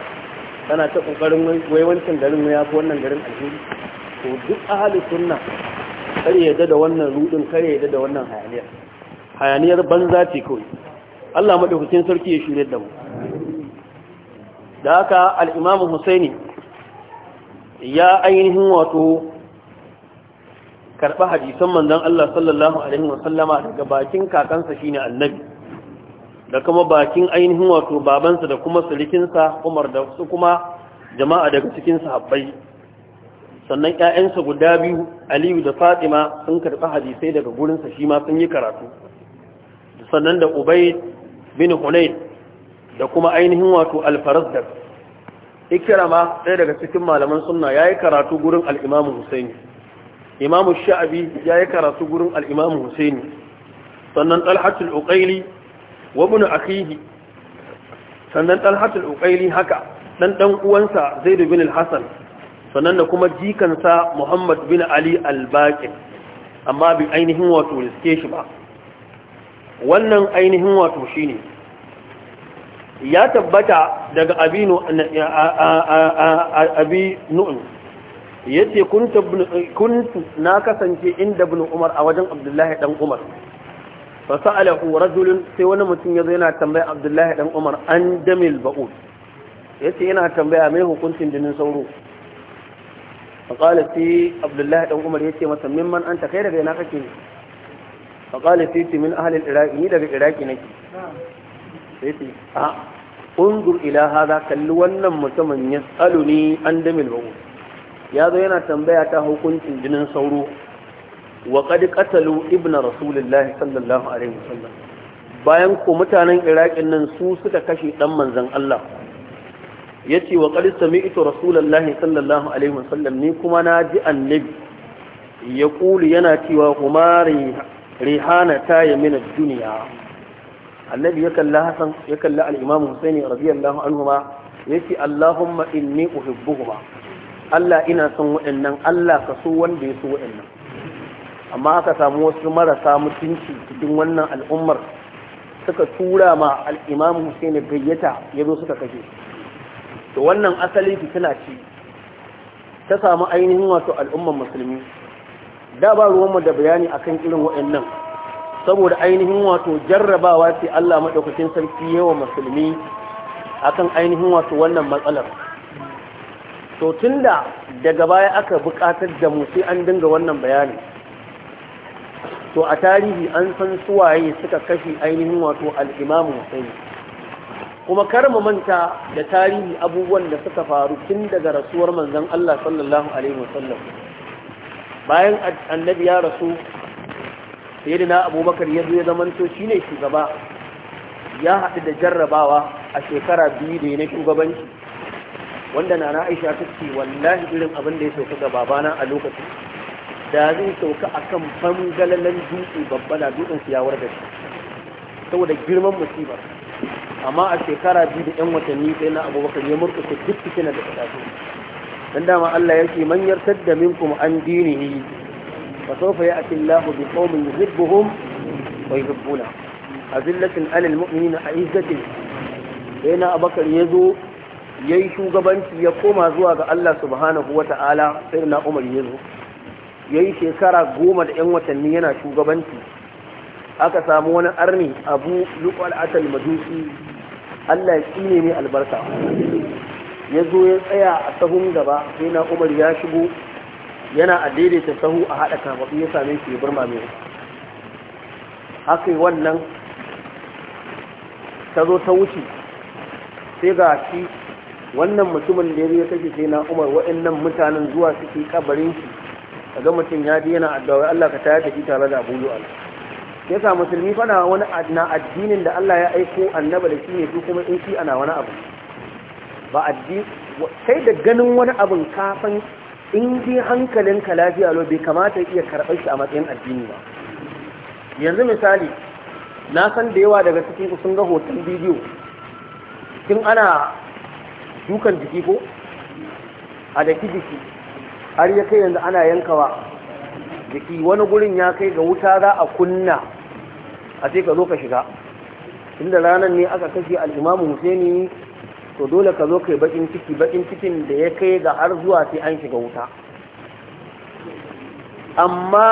kana ta kokarin wai wancan garin ya fi wannan garin alheri to duk ahalin sunna kar ya yadda da wannan rudin kar ya yadda da wannan hayaniyar hayaniyar banza ce kawai Allah madaukakin sarki ya shirye da mu da haka al-Imam Husaini ya ainihin wato karba hadisan manzon Allah sallallahu alaihi wa sallama. daga bakin kakansa shine annabi da kuma bakin ainihin wato babansa da kuma surikinsa Umar da su kuma jama'a daga cikin sahabbai sannan ƴaƴansa guda biyu aliyu da fatima sun karɓi hadisai daga gurinsa shi ma sun yi karatu sannan da ubay bin hunayn da kuma ainihin wato alfarazdak ikirama ɗaya daga cikin malaman sunna ya yi karatu gurin al'imamu husaini imamu sha'abi ya yi karatu gurin al'imamu husaini sannan ɗalhatul uƙaili wa bin akihi sannan ɗalhatul uƙaili haka ɗan ɗan uwansa zaidu bin al-hassan sannan da kuma jikansa muhammad bin ali albaƙin amma bi ainihin wato riske shi ba wannan ainihin wato shi ne ya tabbata daga abinu, nu'un ya ce na kasance inda bin umar a wajen abdullahi dan umar fasa'alahu rajulun sai wani mutum ya zo yana tambaya abdullahi dan umar an damil ba'ud ya ce yana tambaya mai hukuncin jinin sauro فقال في عبد الله بن عمر يتي مسا ممن انت كاي daga ina kake فقال في من اهل العراق ni daga iraki nake sai a unzur ila hada kalli wannan mutumin yasaluni an damil bawu ya zo yana tambaya ta hukuncin jinin sauro wa qad qatalu ibna rasulillah sallallahu alaihi wasallam bayan ko mutanen iraqin nan su suka kashe dan manzon Allah yace wa qad sami'tu rasulullahi sallallahu alaihi wasallam ni kuma na ji annabi ya yana cewa kuma rihana ta yamina duniya annabi ya kalla hasan ya kalla al-imam husaini radiyallahu anhuma yace allahumma inni uhibbuhuma Allah ina son waɗannan Allah ka so wanda ya so wannan. amma aka samu wasu marasa mutunci cikin wannan al'ummar suka tura ma al-imam husaini bayyata yazo suka kashe to wannan asali fitina ce ta samu ainihin wato al'umman musulmi da ba mu da bayani akan irin waɗannan saboda ainihin wato jarrabawa ce Allah maɗaukacin sarki yawa musulmi akan ainihin wato wannan matsalar to tunda daga baya aka buƙatar da mu sai an dinga wannan bayani to a tarihi an san suwaye suka kashe ainihin wato al'imamu musulmi kuma kar mu manta da tarihi abubuwan da suka faru tun daga rasuwar manzon Allah sallallahu alaihi wasallam bayan annabi ya rasu na abubakar ya zo ya zamanto shine shugaba ya haɗu da jarrabawa a shekara biyu da na shugabanci wanda na na aisha ta ce wallahi irin abin da ya sauka ga babana a lokacin da zai sauka a kan fangalalan dutse babbala na dutsen siyawar da shi saboda girman musibar amma a shekara biyu da yan watanni sai na abubakar ya murƙushe duk fitinar da ta taso dan dama Allah yake man yartadda minkum an dinihi fa sawfa ya'ti Allahu bi qaumin yuhibbuhum wa yuhibbuna azillatin 'alal mu'minina a'izzatin sai na abubakar ya zo yayi shugabanci ya koma zuwa ga Allah subhanahu wata'ala sai na Umar ya zo yayi shekara goma da yan watanni yana shugabanci aka samu wani arni abu lukwal atal majusi allah ya tsine mai albarka ya zo ya tsaya a sahun gaba sai na umar ya shigo yana a daidaita sahu a haɗa kamar ya same shi bar mame haka wannan ta zo ta wuce sai ga shi wannan mutumin da ya kake sai na umar waɗannan mutanen zuwa suke kabarin shi ga mutum ya ji yana addawa Allah ka tayar da shi tare da Abu Allah yasa musulmi fana wani na addinin da Allah ya aiko annaba da shi ne su kuma in shi ana wani abu ba addini kai da ganin wani abin kafin in ji ka lafiya lo bai kamata iya karɓar shi a matsayin addini ba yanzu misali na san da yawa daga cikin ku sun ga hoton bidiyo kin ana dukan jiki ko a daki jiki har ya kai yanzu ana yankawa jiki wani gurin ya kai ga wuta za a kunna a ce ka zo ka shiga inda ranar ne aka kashe al'imamu husaini to dole ka zo kai bakin ciki bakin cikin da ya kai ga har zuwa sai an shiga wuta amma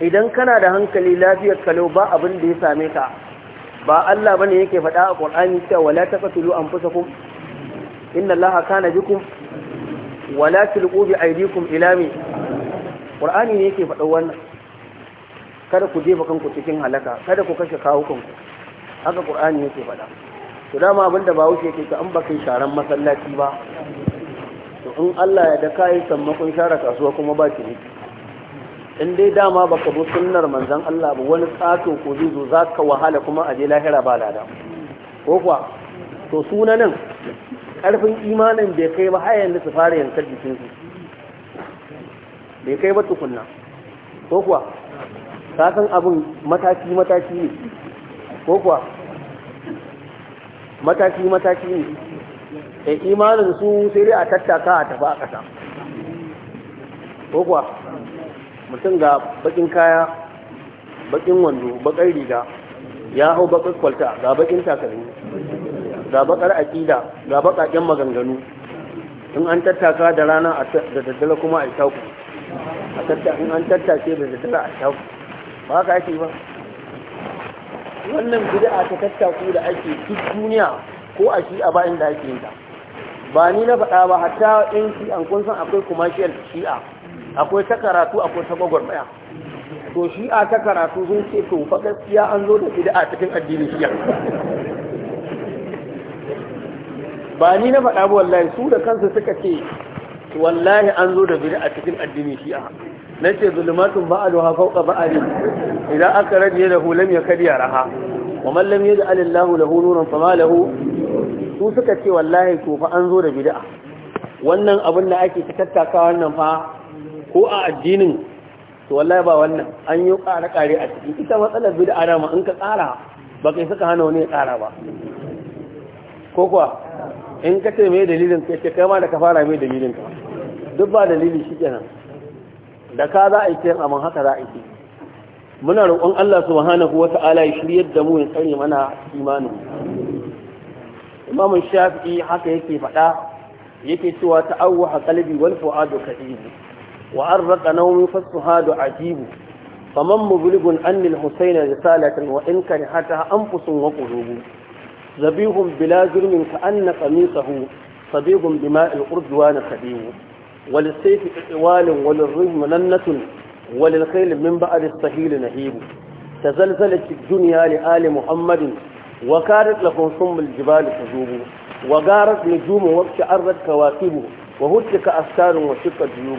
idan kana da hankali lafiyar kalau ba abin da ya same ka ba Allah bane yake faɗa a Qur'ani cewa wala taqtulu anfusakum inna Allaha kana bikum wala tulqu bi aydikum ila mi Qur'ani ne yake faɗa wannan kada ku jefa kanku cikin halaka kada ku kashe kawukanku haka qur'ani yake faɗa to dama abin da wuce yake ka an ba sharan masallaci ba to in Allah ya da kai sammakon share kasuwa kuma ba ki ne in dai dama baka bi sunnar manzon Allah ba wani tsato ko za zaka wahala kuma a je lahira ba lada ko kuwa to sunanin karfin imanin bai kai ba har yanzu su fara yankar jikinsu bai kai ba tukunna ko kuwa ka san abin mataki mataki ne ko kuwa mataki mataki ne da eh, imanin su sai dai a tattaka a tafi a ƙasa ko kuwa mutum ga bakin kaya bakin wando bakar riga ya hau bakar kwalta ga bakin takalmi ga bakar aƙida ga bakaken maganganu in an tattaka da rana da daddala kuma a shaku a tattaka in an tattake da daddala a shaku ba ka ake ba wannan bid'a ta tattaku da ake duk duniya ko a shi a bayan da ake yi ta ba ni na faɗa ba hatta in shi an kun san akwai commercial shi'a akwai ta karatu akwai ta gwagwarmaya to shi'a ta karatu sun ce to fa gaskiya an zo da bid'a cikin addinin shi'a ba ni na faɗa ba wallahi su da kansu suka ce wallahi an zo da biri a cikin addini shi'a na ce zulmatun ba'aduha fawqa ba'ali idan aka rage da hulam ya kadiya raha wa mallam lam yaj'al Allahu lahu nuran fama lahu su suka ce wallahi to fa an zo da bid'a wannan abin da ake ta tattaka wannan fa ko a addinin to wallahi ba wannan an yi ƙara ƙare a ciki ita matsalar bid'a dama in ka tsara ba kai suka hana wani ya tsara ba ko kuwa in ka ce mai dalilin ka ce kai ma da ka fara mai dalilin ka duk ba dalili shi kenan da ka za a yi kiran abin haka za a yi muna roƙon Allah subhanahu wa ta'ala ya shiryar da mu ya tsare mana imanin imamu shafi'i haka yake faɗa yake cewa ta'awwaha qalbi wal fu'adu kadibu wa arraqa nawmi fasuhadu ajibu faman mublighun anni al-husayn risalatan wa in karihataha anfusun wa qulubun زبيب بلا جرم كأن قميصه صبيب بماء القرجوان خبيب وللسيف إطوال وللرجم ننة وللخيل من بعد الصهيل نهيب تزلزلت الدنيا لآل محمد وكانت لهم صم الجبال تجوب وقارت نجوم وابتعرت كواكب وهتك أستار وشق جيوب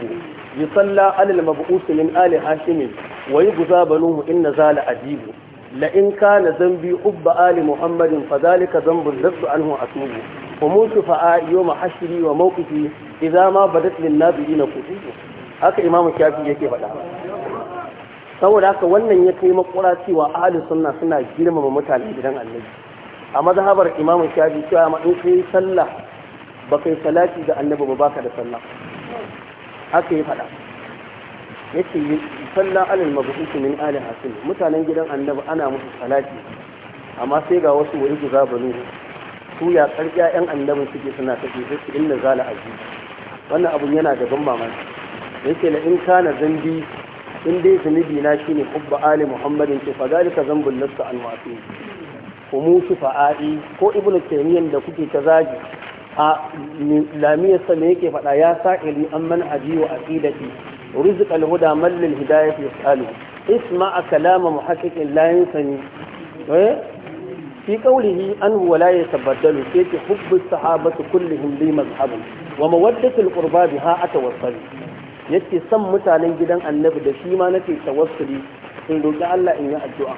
يصلى على المبعوث من آل هاشم ويجزى بنوه إن زال عجيب لئن كان ذنبي حب آل محمد فذلك ذنب الذب عنه أتوب ومن شفعاء يوم حشري وموقفي إذا ما بدت للنابئين قصيد هكا إمام الشافعي يكي فدا saboda haka wannan ya kai makura cewa ahli sunna suna girmama mutane gidan annabi a mazhabar imam shafi cewa ma in kai sallah ba kai salati ga annabi ba baka da sallah haka ya faɗa yace salla alal mabuhusi min ali hasan mutanen gidan annabi ana musu salati amma sai ga wasu wani guza zabanu. su ya karya yan annabin suke suna take sai inna zala aji wannan abun yana da ban mamaki yake la in kana zambi in dai zunubi na shine hubba ali muhammadin ce fa zalika zambul nasu an wasi musu fa'a'i ko ibnu taymiyyah da kuke ta zagi a lamiyar sa me yake faɗa ya sa sa'ili an manhaji wa aqidati رزق الهدى من للهداية يسأله اسمع كلام محقق لا ينسني في قوله أنه ولا يتبدل كيف حب الصحابة كلهم لي مذهب ومودة القربى بها أتوصل Yake son mutanen gidan annabi da shi ma nake tawassuli in roƙi Allah in yi addu'a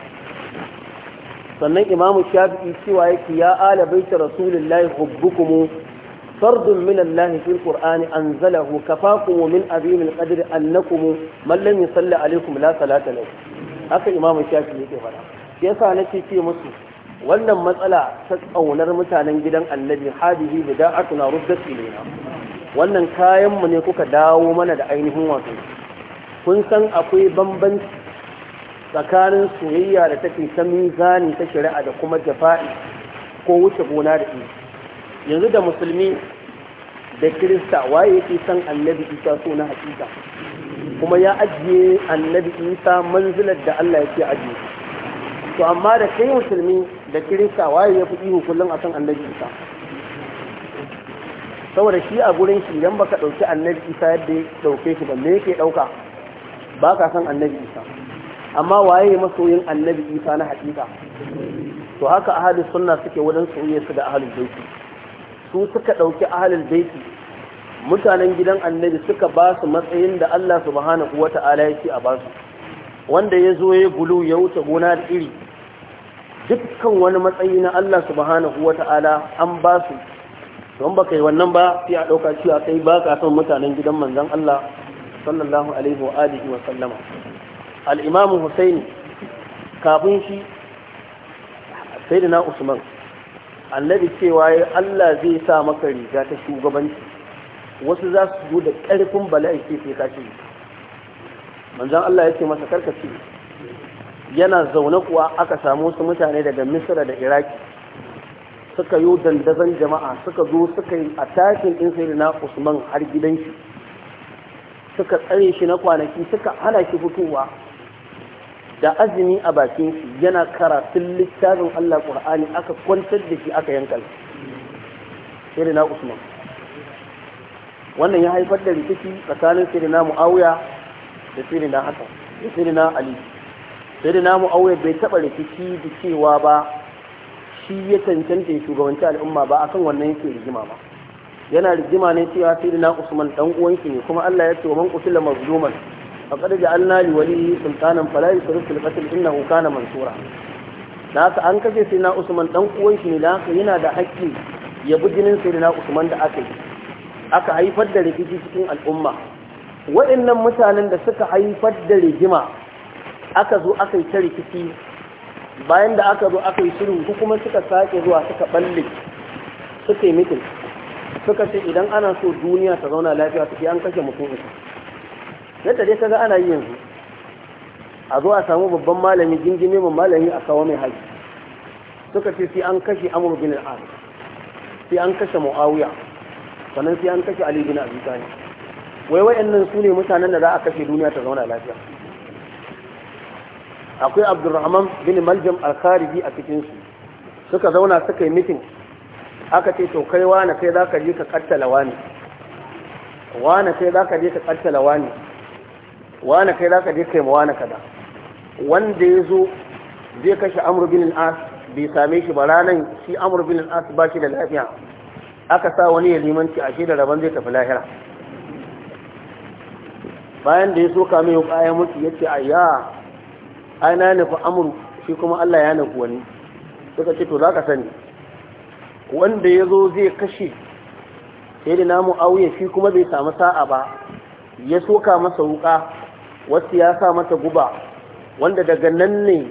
sannan imamu shafi'i cewa yake ya ala baita rasulullahi hubbukumu فرد من الله في القرآن أنزله كفاكم من أبيم القدر أنكم من لم يصلى عليكم لا صلاة له haka imamu shafi yake fara shi yasa nake ce musu wannan matsala ta tsaunar mutanen gidan annabi hadihi bida'atuna ruddat ilaina wannan kayan mu ne kuka dawo mana da ainihin wato kun san akwai bambanci tsakanin soyayya da take ta mizani ta shari'a da kuma jafa'i ko wuce gona da iri yanzu da musulmi da kirista waye yake san annabi isa so na hakika kuma ya ajiye annabi isa manzilar da allah ya ce ajiye to amma da kai musulmi da kirista waye ya fi ihu kullum a san annabi isa saboda shi a gurin shi idan baka ɗauki annabi isa yadda ya dauke shi ba me yake ɗauka? ba ka san annabi isa amma waye masoyin annabi isa na hakika to haka ahalin sunna suke wajen soyayya su da ahalin baiti su suka ɗauki ahalin baiti mutanen gidan annabi suka ba su matsayin da Allah subhanahu ya yake a basu wanda ya zo ya gulu ya wuce gona da iri dukkan wani matsayi na Allah subhanahu wata'ala an ba su don ba kai wannan ba sai a ɗauka cewa kai ba ka son mutanen gidan manzon Allah sallallahu alaihi wa alihi wa sallama al Husaini kafin shi na Usman annabi cewa ya Allah zai sa maka riga ta shugabanci wasu za su zo da ƙarfin bala'i ke sai ka ce manzon Allah ce masa karkace yana zaune kuwa aka samu wasu mutane daga Misra da Iraki suka yi dandazon jama'a suka zo suka yi a tashin sai na Usman har gidan shi suka tsare shi na kwanaki suka hana shi fitowa da azumi a bakin shi yana karatun littafin Allah Qur'ani aka kwantar da shi aka yanka irin na Usman wannan ya haifar da rikici tsakanin sirina Muawiya da sirina Hassan da sirina Ali sirina Muawiya bai taba rikici da cewa ba shi ya tantance shugabancin al'umma ba akan wannan yake rigima ba yana rigima ne cewa sirina Usman dan uwanki ne kuma Allah ya ce wa man qutila mazluman فقد جعلنا li سلطانا فلا fala في القتل انه كان منصورا mansura da haka an عثمان sai na Usman dan uwan shi ne da haka yana da haƙƙi ya na Usman da aka yi aka haifar da rikici cikin al'umma waɗannan mutanen da suka haifar da rigima aka zo aka yi ta rikici bayan da aka zo aka yi shirin kuma suka sake zuwa suka balle suka yi mitin suka ce idan ana so duniya ta zauna lafiya take an kashe mutum uku yadda dai kaga ana yi yanzu a zo a samu babban malami gingime mai malami a kawo mai haji suka ce sai an kashe amur bin al sai an kashe muawiya sannan sai an kashe ali bin abi talib wai wayannan su ne mutanen da za a kashe duniya ta zauna lafiya akwai abdurrahman bin maljam al-khariji a cikin su suka zauna suka yi mitin aka ce to kai wane kai za ka je ka kattala wani wane kai za ka je ka kattala wani wane kai za ka je kai ma wani wanda ya zo zai kashe amur bin al'as bai same shi ba ranar shi amur bin al'as ba shi da lafiya aka sa wani ya limanci ashe da rabon zai tafi lahira bayan da ya soka kame wuka ya mutu ya ce ayya ai na nufi amur shi kuma Allah ya nufi wani suka ce to za ka sani wanda ya zo zai kashe sai da namu auye shi kuma bai samu sa'a ba ya soka masa wuka Wasu ya sa mata guba wanda daga nan ne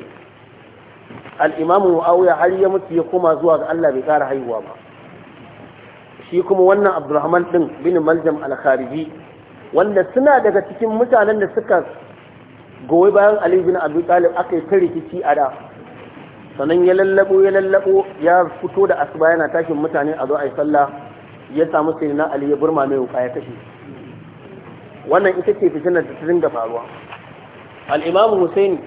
al'imamu wa'auya har ya mutu ya koma zuwa ga Allah bai tsara haihuwa ba shi kuma wannan Abdulrahman ɗin bin maljam al-khariji wanda suna daga cikin mutanen da suka goyi bayan ali bin abu talib aka yi ta rikici a da sannan ya lallabo ya lallabo ya fito da asuba yana tashin mutane a zo a yi sallah ya samu sayyidina ali ya burma mai wuka ya kashe wannan ita ce fitinar da ta dinga faruwa al'imam Hussein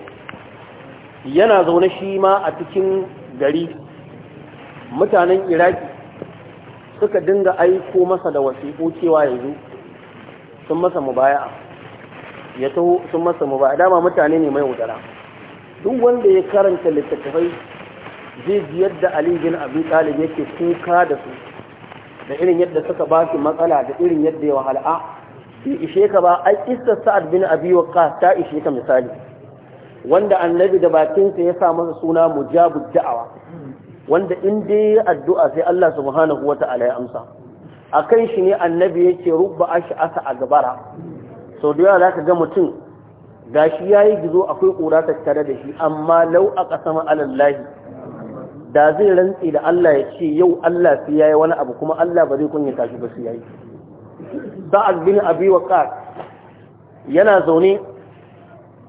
yana zaune shi ma a cikin gari mutanen iraki suka dinga aiko masa da wasiƙo cewa yanzu sun masa mubaya'a ya taho sun masa mubaya'a dama mutane ne mai wudara duk wanda ya karanta littattafai zai ji yadda Ali abin Abi Talib yake kuka da su da irin yadda suka ba shi matsala da irin yadda ya wahala bai ishe ka ba ai isa sa'ad bin abi waqqa ta ishe ka misali wanda annabi da bakinsa ya sa masa suna mujabu da'awa wanda in dai addu'a sai Allah subhanahu wata'ala ya amsa akan shi ne annabi yake rubba ashi asa a gabara sau da yawa zaka ga mutum gashi yayi gizo akwai kura tattare da shi amma lau a kasama alallahi da zai rantsi da Allah ya ce yau Allah sai yayi wani abu kuma Allah ba zai kunyata tashi ba sai yayi sa'ad bin abi Waqar yana zaune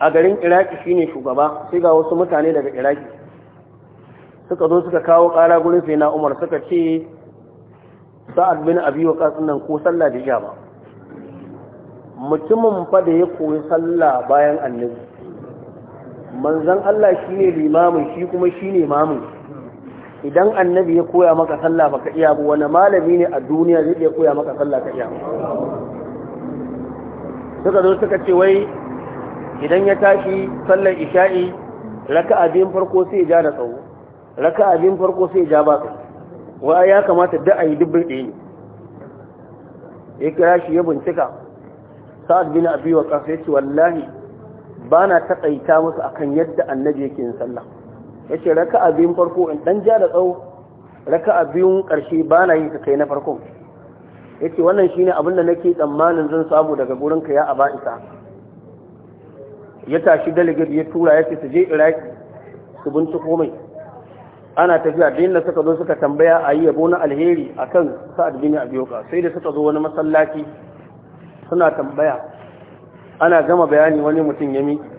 a garin iraki shine shugaba sai ga wasu mutane daga iraki suka zo suka kawo ƙara gurin sai na umar suka ce sa'ad bin abi waqas nan ko sallah da ba mutumin fa da ya koyi sallah bayan annabi manzon Allah shine limamin shi kuma shine mamun idan annabi ya koya maka sallah baka iya ba wani malami ne a duniya zai iya koya maka sallah ka iya ba? suka zo suka ce wai idan ya tashi sallar isha'i raka abin farko sai ja da tsawo raka abin farko sai ja ba ka, wa ya kamata da a yi dubbin ɗaya ne ya kira shi ya bincika sa'ad bin abi wa kafa ya ce wallahi ba na taƙaita musu akan yadda annabi yake yin sallah ya yace raka biyun farko in dan ja da tsawo raka biyun karshe ba na yi ka kai na farko yace wannan shine abin da nake tsammanin zan samu daga gurin ka ya ba isa ya tashi delegate ya tura ya ce su je iraki su binciko mai ana tafiya da yadda suka zo suka tambaya a yi yabo na alheri a kan sa'ad bin abiyoka sai da suka zo wani masallaci suna tambaya ana gama bayani wani mutum ya miƙe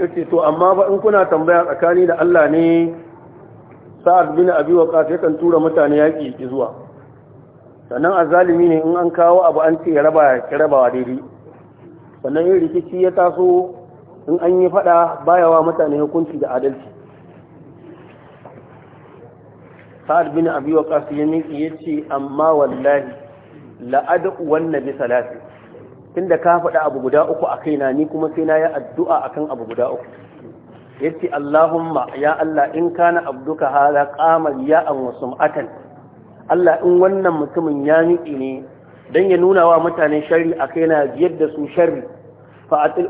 yace to amma ba in kuna tambaya tsakani da Allah ne sa'ad bin abi kafi yakan tura mutane yaki ki zuwa sannan azalimi ne in an kawo abu an ce ya raba rabawa daidai sannan yin rikici ya taso in an yi fada bayawa mutane hukunci da adalci sa'ad bin abi kafi ya miki yace amma wallahi la'adu wannan bi salatu. tunda ka faɗi abu guda uku a kaina ni kuma sai na yi addu'a akan abu guda uku yace Allahumma ya Allah in kana abduka hala ya ya'an wasu sum'atan Allah in wannan mutumin ya miƙe ne dan ya nuna wa mutane sharri a kaina yadda su sharri fa atil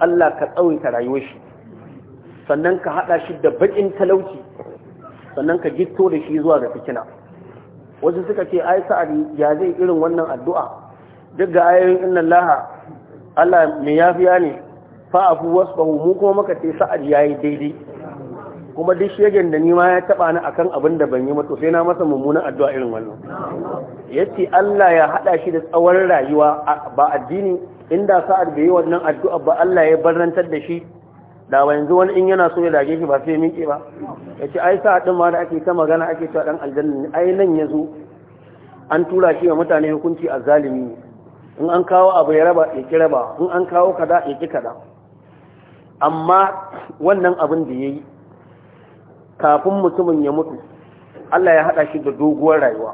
Allah ka tsawaita rayuwar shi sannan ka haɗa shi da bakin talauci sannan ka gitto da shi zuwa ga fitina wasu suka ce ai sa'adi ya zai irin wannan addu'a duk ga ayoyin inna Laha, Allah mai yafiya ne fa'afu wasbahu mu kuma maka ce sa'ad yayi daidai kuma duk shegen da nima ya taba ni kan abin da ban yi mato sai na masa mummunan addu'a irin wannan yace Allah ya haɗa shi da tsawon rayuwa ba addini inda sa'ad bai yi wannan addu'a ba Allah ya barrantar da shi da yanzu wani in yana so ya dage shi ba sai miƙe ba yace ai sa'ad din ma da ake ta magana ake cewa dan aljanna ai nan yazo an tura shi ga mutane hukunci a zalimi in an kawo abu ya raba ya ki raba in an kawo kada ya ki kada amma wannan abin da ya yi kafin mutumin ya mutu Allah ya haɗa shi da doguwar rayuwa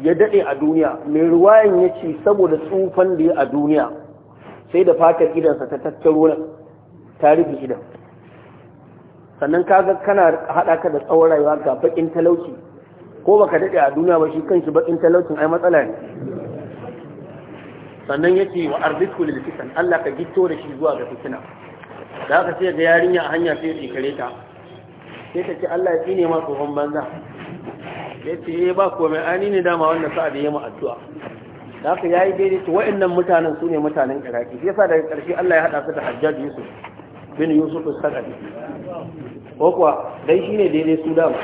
ya daɗe a duniya mai ruwayan ya ce saboda tsufan da ya a duniya sai da fatar idansa ta tattaro na tarihi idan sannan kaga kana haɗa ka da tsawon rayuwa ga baƙin talauci ko baka daɗe a duniya ba shi kan shi baƙin talaucin ai matsala ne sannan yake wa arziku lil fitan Allah ka gitto da shi zuwa ga fitina da ka ce ga yarinya a hanya sai ya kare ta sai ta ce Allah ya tsine ma tsohon banza ya ce ya eh, ba komai ani ne dama wannan sa'a da yamma addu'a da ka yayi daidai to wa'annan mutanen su ne mutanen iraki sai sa daga ƙarshe Allah ya hada su da Hajjaj Yusuf bin Yusuf al-Saqafi ko kuwa dai shine daidai su dama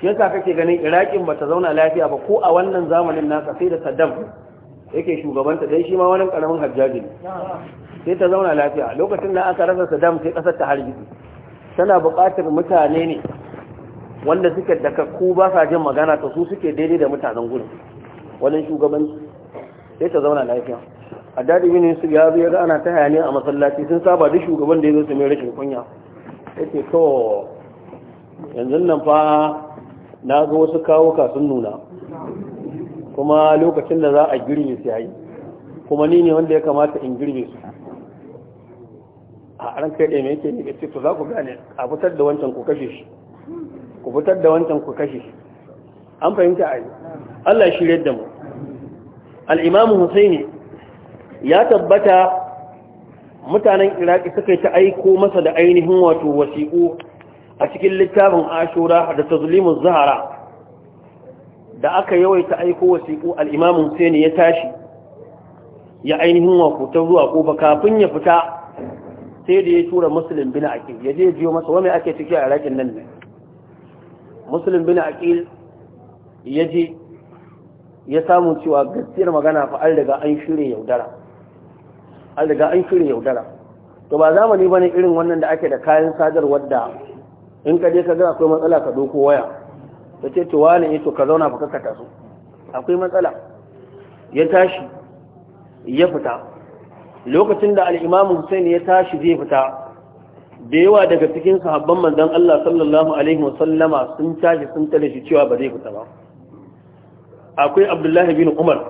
yasa kake ganin Irakin bata zauna lafiya ba ko a wannan zamanin naka sai da Saddam yake shugabanta dai shi ma wani karamin hajjaji ne sai ta zauna lafiya lokacin da aka rasa Saddam sai kasar ta hargitsi tana buƙatar mutane ne wanda suke da kakku ba sa jin magana to su suke daidai da mutanen gudu. wani shugabanci sai ta zauna lafiya a daɗi yin su ya zo ga ana ta hayaniya a masallaci sun saba duk shugaban da ya zo su mai rashin kunya ce to yanzu nan fa na ga wasu kawuka sun nuna kuma lokacin da za a girbe su yayi kuma ni ne wanda ya kamata in girbe su a ran kai ɗaya mai yake ne ce to za ku gane a fitar da wancan ku kashe shi ku fitar da wancan ku kashe shi an fahimta a yi Allah shi da mu al imam Husaini ya tabbata mutanen Iraki suka yi ta aiko masa da ainihin wato wasiƙu a cikin littafin Ashura da tazlimu Zahara da aka yawaita aiko wasiƙo, al sai ya tashi ya ainihin wakutar zuwa ba kafin ya fita sai da ya tura musulun bin Aqil ya je jiyo masa wa ake ciki a nan ne Musulun bin Aqil ya je ya samu cewa gaskiyar magana fa an riga an shirya yaudara an riga an shirye yaudara to ba zamani ne irin wannan da ake da kayan sadarwar da in ka je ka ga akwai matsala ka doko waya ta ce to wani ya ka zauna fa kakka taso akwai matsala ya tashi ya fita lokacin da al'imamu Hussein ya tashi zai fita da yawa daga cikin sahabban manzon Allah sallallahu alaihi wasallama sun tashi sun tare shi cewa ba zai fita ba akwai Abdullahi bin Umar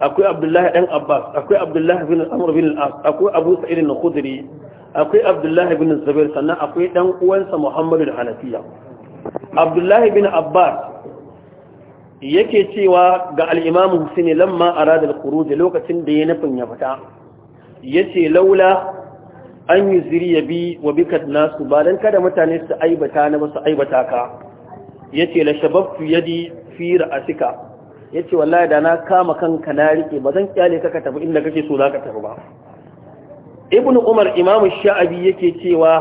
akwai abdullahi ɗan abbas akwai abdullahi bin amur bin al'as akwai abu sa'id na khudri akwai abdullahi bin zubair sannan akwai ɗan uwansa muhammadu da hanafiya abdullahi bin abbas yake cewa ga al'imamu husaini lamma a radar da lokacin da ya nufin ya fita ya ce laula an yi ziri bi wa bikat nasu ba don kada mutane su aibata na basu aibata ka ya ce la shababtu yadi fi ra'asika ya ce wallahi da na kama kanka na rike ba zan kyale ka ka tafi inda kake so za ka tafi ba ibn umar imamu sha'abi yake cewa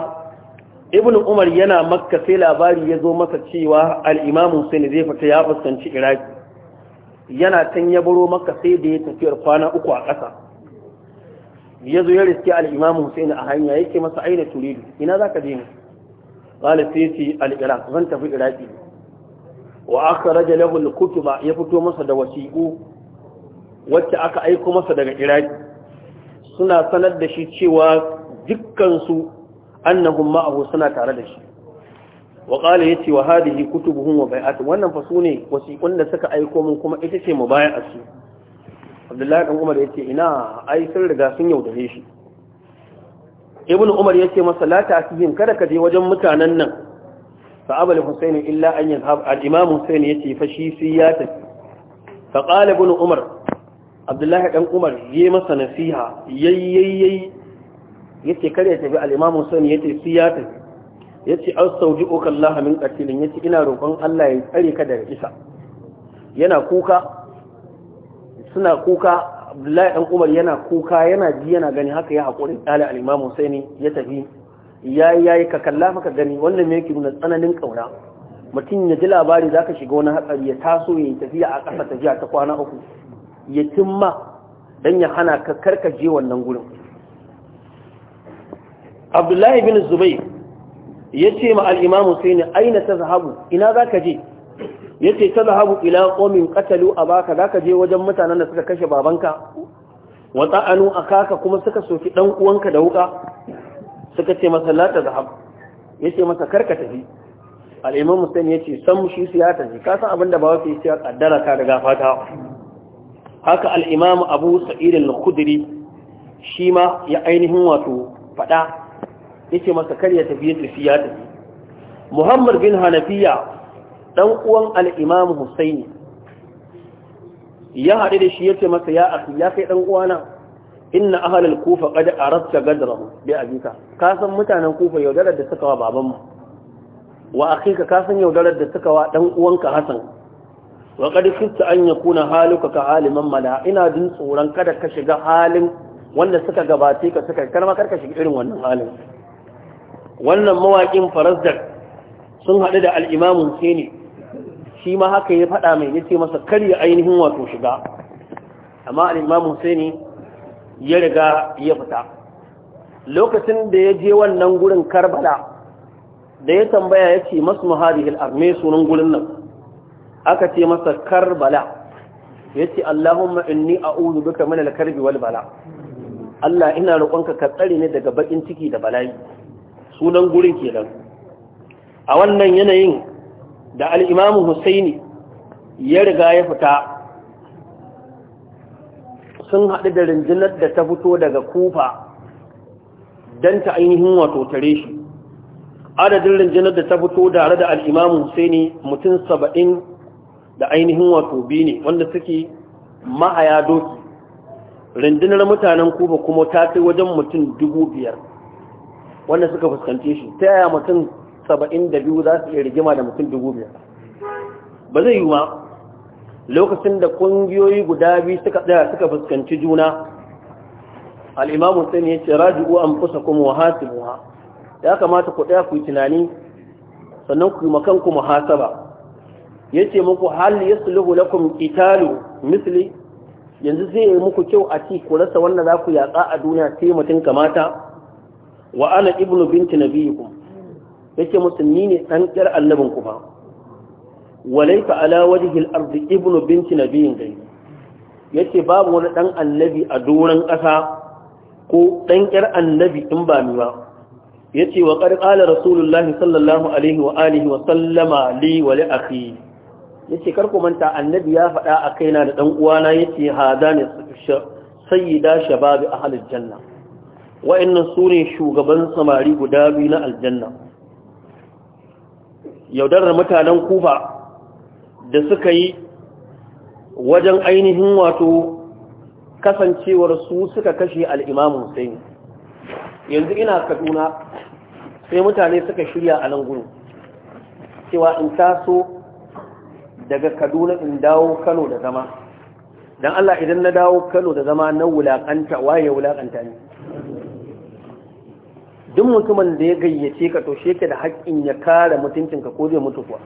ibn umar yana makka sai labari ya zo masa cewa al'imam hussein zai fita ya fuskanci iraki yana can ya baro makka sai da ya tafiyar kwana uku a ƙasa ya zo ya riske al'imam hussein a hanya yake masa aina turidu ina za ka je ne ƙala sai ce al'iraq zan tafi iraki wa aka raja lahul kutuba ya fito masa da wasiƙu wacce aka aiko masa daga iraki suna sanar da shi cewa dukkansu annahum ma'ahu suna tare da shi wa qala yati wa hadhihi kutubuhum wa bai'atu wannan fa sune wasiqun da suka aiko mun kuma ita ce mubai'a su Abdullahi dan Umar yace ina ai sun riga sun yaudare shi Ibn Umar yace masa la ta'tihim kada ka je wajen mutanen nan fa abul Husayn illa an yadhhab al-Imam Husayn yace fa shi sai ya tafi fa qala Ibn Umar Abdullahi dan Umar yayi masa nasiha yayyayyi yace kar ya tafi al-imam Husaini yace si ya tafi yace astauji'uka Allah min ya yace ina roƙon Allah ya tsare ka daga isa yana kuka suna kuka Abdullahi dan Umar yana kuka yana ji yana gani haka ya haƙuri tsala al-imam ya tafi yayi yayi ka kalla maka gani wannan me yake nuna tsananin ƙauna mutum ya ji labari zaka shiga wani hatsari ya taso ya tafiya a ƙasa tafiya ta kwana uku ya timma dan ya hana ka karkaje wannan gurin abdullahi bin zubai ya ce ma al'imamu sai ne aina ta zahabu ina za ka je ya ce ta zahabu ila ƙomin ƙatalu a baka za ka je wajen mutanen da suka kashe babanka wata anu a kaka kuma suka soki ɗan uwanka da wuka suka ce masa la ta zahabu ya ce masa karka tafi al'imamu sai ya ce san shi su ya tafi ka san abin da ba wasu ya ƙaddara ka daga fata haka al'imamu abu sa'idin al shi ma ya ainihin wato faɗa yace masa kar ya tafi ya tafi ya tafi Muhammad bin Hanafiya dan uwan Al'imamu imam Husaini ya haɗu da shi yace masa ya akhi ya kai dan uwana inna ahlal kufa qad aradta gadrahu bi abika ka san mutanen kufa yaudarar da suka wa babanmu wa akhika ka san yaudarar da suka wa dan uwanka Hassan wa qad khifta an yakuna haluka ka aliman mala ina jin tsoron kada ka shiga halin wanda suka gabace ka suka karma karka shiga irin wannan halin wannan mawaƙin farazdar sun haɗu da al'imamun ne shi ma haka ya faɗa mai ce masa karya ainihin wato shiga amma al'imamun ne ya riga ya fita lokacin da ya je wannan gurin karbala da ya tambaya ya ce masu muharihil arme sunan gurin nan aka ce masa karbala ya ce allahumma inni a'udhu duka mana da karbi wal bala Allah ina roƙonka ka tsare ni daga bakin ciki da bala'i sunan gurin kenan a wannan yanayin da al'imamu husaini ya riga ya fita sun haɗu da rinjinar da ta fito daga kufa don ta ainihin wato tare shi adadin rinjinar da ta fito dare da al'imamu husaini mutum saba'in da ainihin wato biyu ne wanda suke ma'aya doki rinjinar mutanen kuba kuma ta fi wajen mutum dubu biyar wanda suka fuskanci shi ta yaya mutum saba'in biyu za su iya rigima da mutum 2000 ba zai yi ma lokacin da ƙungiyoyi guda biyu suka tsaya suka fuskanci juna al'imamun sai ne ya ce raji'u an kusa kuma wa ha.' ya kamata ku ɗaya ku yi tunani sannan ku yi kanku muhasaba ya ce muku 'Hali ya suluhu lakum italu misli yanzu zai yi muku kyau a ci ku rasa wanda za ku yaƙa a duniya sai mutum kamata wa ana ibnu binti nabiyikum yake musu ni ne dan kyar annabin ku ba walaysa ala wajhi al-ard ibnu binti nabiyin gai yace babu wani dan annabi a doran ƙasa ko dan kyar annabi in ba ni ba yace wa qad qala rasulullahi sallallahu alaihi wa alihi wa sallama li wa li akhi yace kar ku manta annabi ya faɗa a kaina da dan uwana yace hadani sayyida shababi ahlul janna wa'annan su ne shugaban samari guda biyu na aljanna yaudarar mutanen kufa da suka yi wajen ainihin wato kasancewar su suka kashe al'imamun sai yanzu ina kaduna sai mutane suka shirya a nan gudu cewa in taso daga kaduna in dawo kano da zama don allah idan na dawo kano da zama na wulaƙanta waye wulaƙanta ne duk mutumin da ya gayyace ka to shi da haƙƙin ya kare mutuncinka ko zai mutu kuwa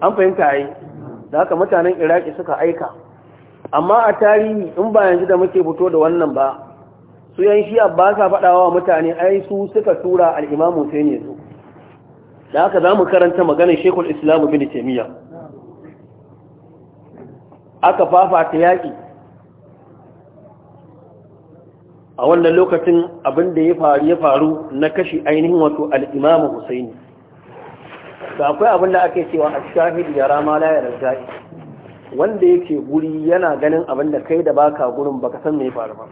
an fahimta yi da haka mutanen iraki suka aika amma a tarihi in ba yanzu da muke fito da wannan ba su yan shi'a ba sa faɗawa mutane ai su suka tura al'imamu sai ne su da haka za mu karanta maganin shekul islamu bin taimiyya aka fafata yaƙi a wannan lokacin abin da ya faru ya faru na kashi ainihin wato al'imamu husaini da akwai abin da ake cewa a shahid ya rama la ya rajai wanda yake guri yana ganin abin da kai da baka gurin baka san me faru ba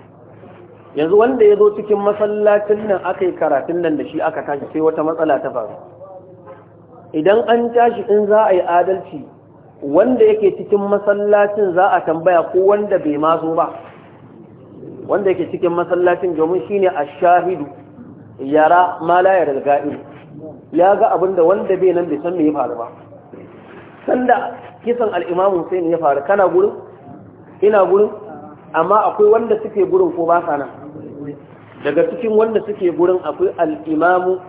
yanzu wanda ya zo cikin masallacin nan aka yi karatun nan da shi aka tashi sai wata matsala ta faru idan an tashi in za a yi adalci wanda yake cikin masallacin za a tambaya ko wanda bai mazo ba wanda yake cikin masallacin domin shine a shahidu yara ma la yarda ya ga abinda wanda bai nan bai san me ya faru ba sanda kisan al-imamu Hussein ya faru kana gurin ina gurin amma akwai wanda suke gurin ko ba nan daga cikin wanda suke gurin akwai al-imamu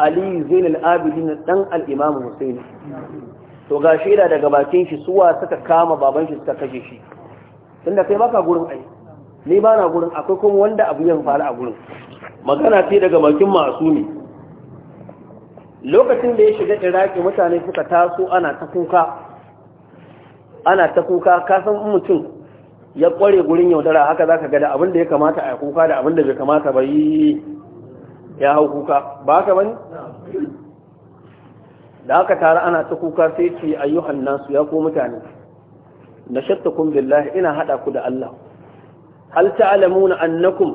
Ali Zainul Abidin dan al-imamu Hussein to ga shaida daga bakin shi suwa suka kama baban shi suka kashe shi tunda kai baka gurin ai ni ba na gurin akwai kuma wanda abu ya faru a gurin magana ce daga bakin masu ne lokacin da ya shiga iraki mutane suka taso ana ta kuka ana ta kuka kasan mutum ya kware gurin yaudara haka za ga gada abin ya kamata a kuka da abin da bai kamata ba yi ya hau kuka ba haka bani? da aka tara ana ta kuka sai ce ayyuhan nasu ya ko mutane Na kun billahi ina hada ku da Allah hal ta'lamuna annakum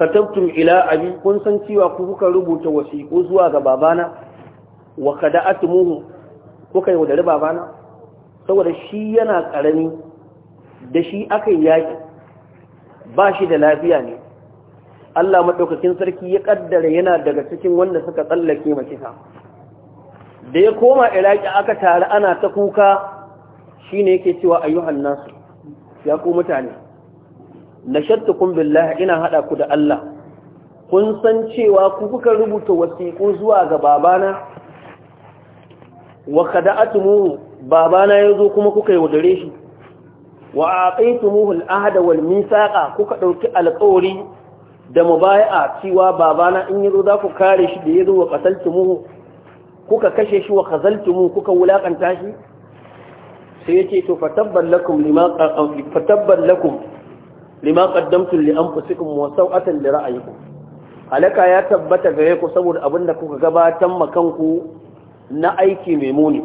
katabtum ila abi kun san cewa ku kuka rubuta wasiqu zuwa ga babana wa kada'atumuhu kuka yi wadare babana saboda shi yana karami da shi aka yaki ba shi da lafiya ne Allah madaukakin sarki ya kaddara yana daga cikin wanda suka tsallake kisa. da ya koma iraki aka tare ana ta kuka shine yake cewa ayyuhan nasu ya ku mutane nashattukum billahi ina hada ku da Allah kun san cewa ku kuka rubuta wasiƙu zuwa ga babana wa khada'atumuhu babana yazo kuma kuka yaudare shi wa aqaytumuhu al wal mithaqa kuka dauki alƙawari da mubai'a cewa babana in yazo za ku kare shi da yazo wa qataltumuhu kuka kashe shi wa khazaltumuhu kuka wulakanta shi sai yace to fatabban lakum lima fatabban lakum lima qaddamtum li anfusikum wa sawatan li ra'ayikum halaka ya tabbata gare ku saboda abin da kuka gabatar ma kanku na aiki mai muni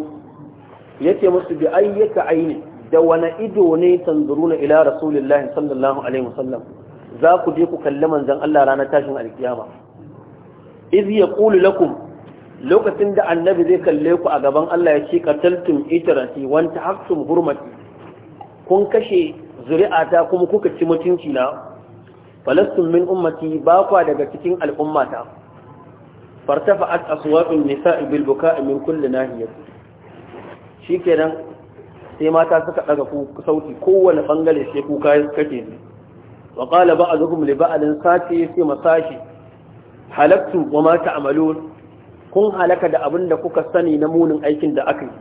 yace musu bi ayyaka aini da wani ido ne tanzuruna ila rasulillahi sallallahu alaihi wasallam za ku je ku kalli manzon Allah ranar tashin alkiyama iz yaqulu lakum lokacin da annabi zai kalle ku a gaban Allah ya ce qataltum itrati wa antahaqtum hurmati kun kashe Zuri'a ta, kuma kuka ci mutunci na falastun min ummati ba kwa daga cikin al'ummata fartafa'at aswaqun nisa'i bil buka'i min kulli nahiyati shikenan sai mata suka daga ku sauti kowane bangare sai ku kai kake wa qala ba'dhum li ba'din sati sai masashi halaktu wa ma ta'malun kun halaka da abin da kuka sani na munin aikin da aka yi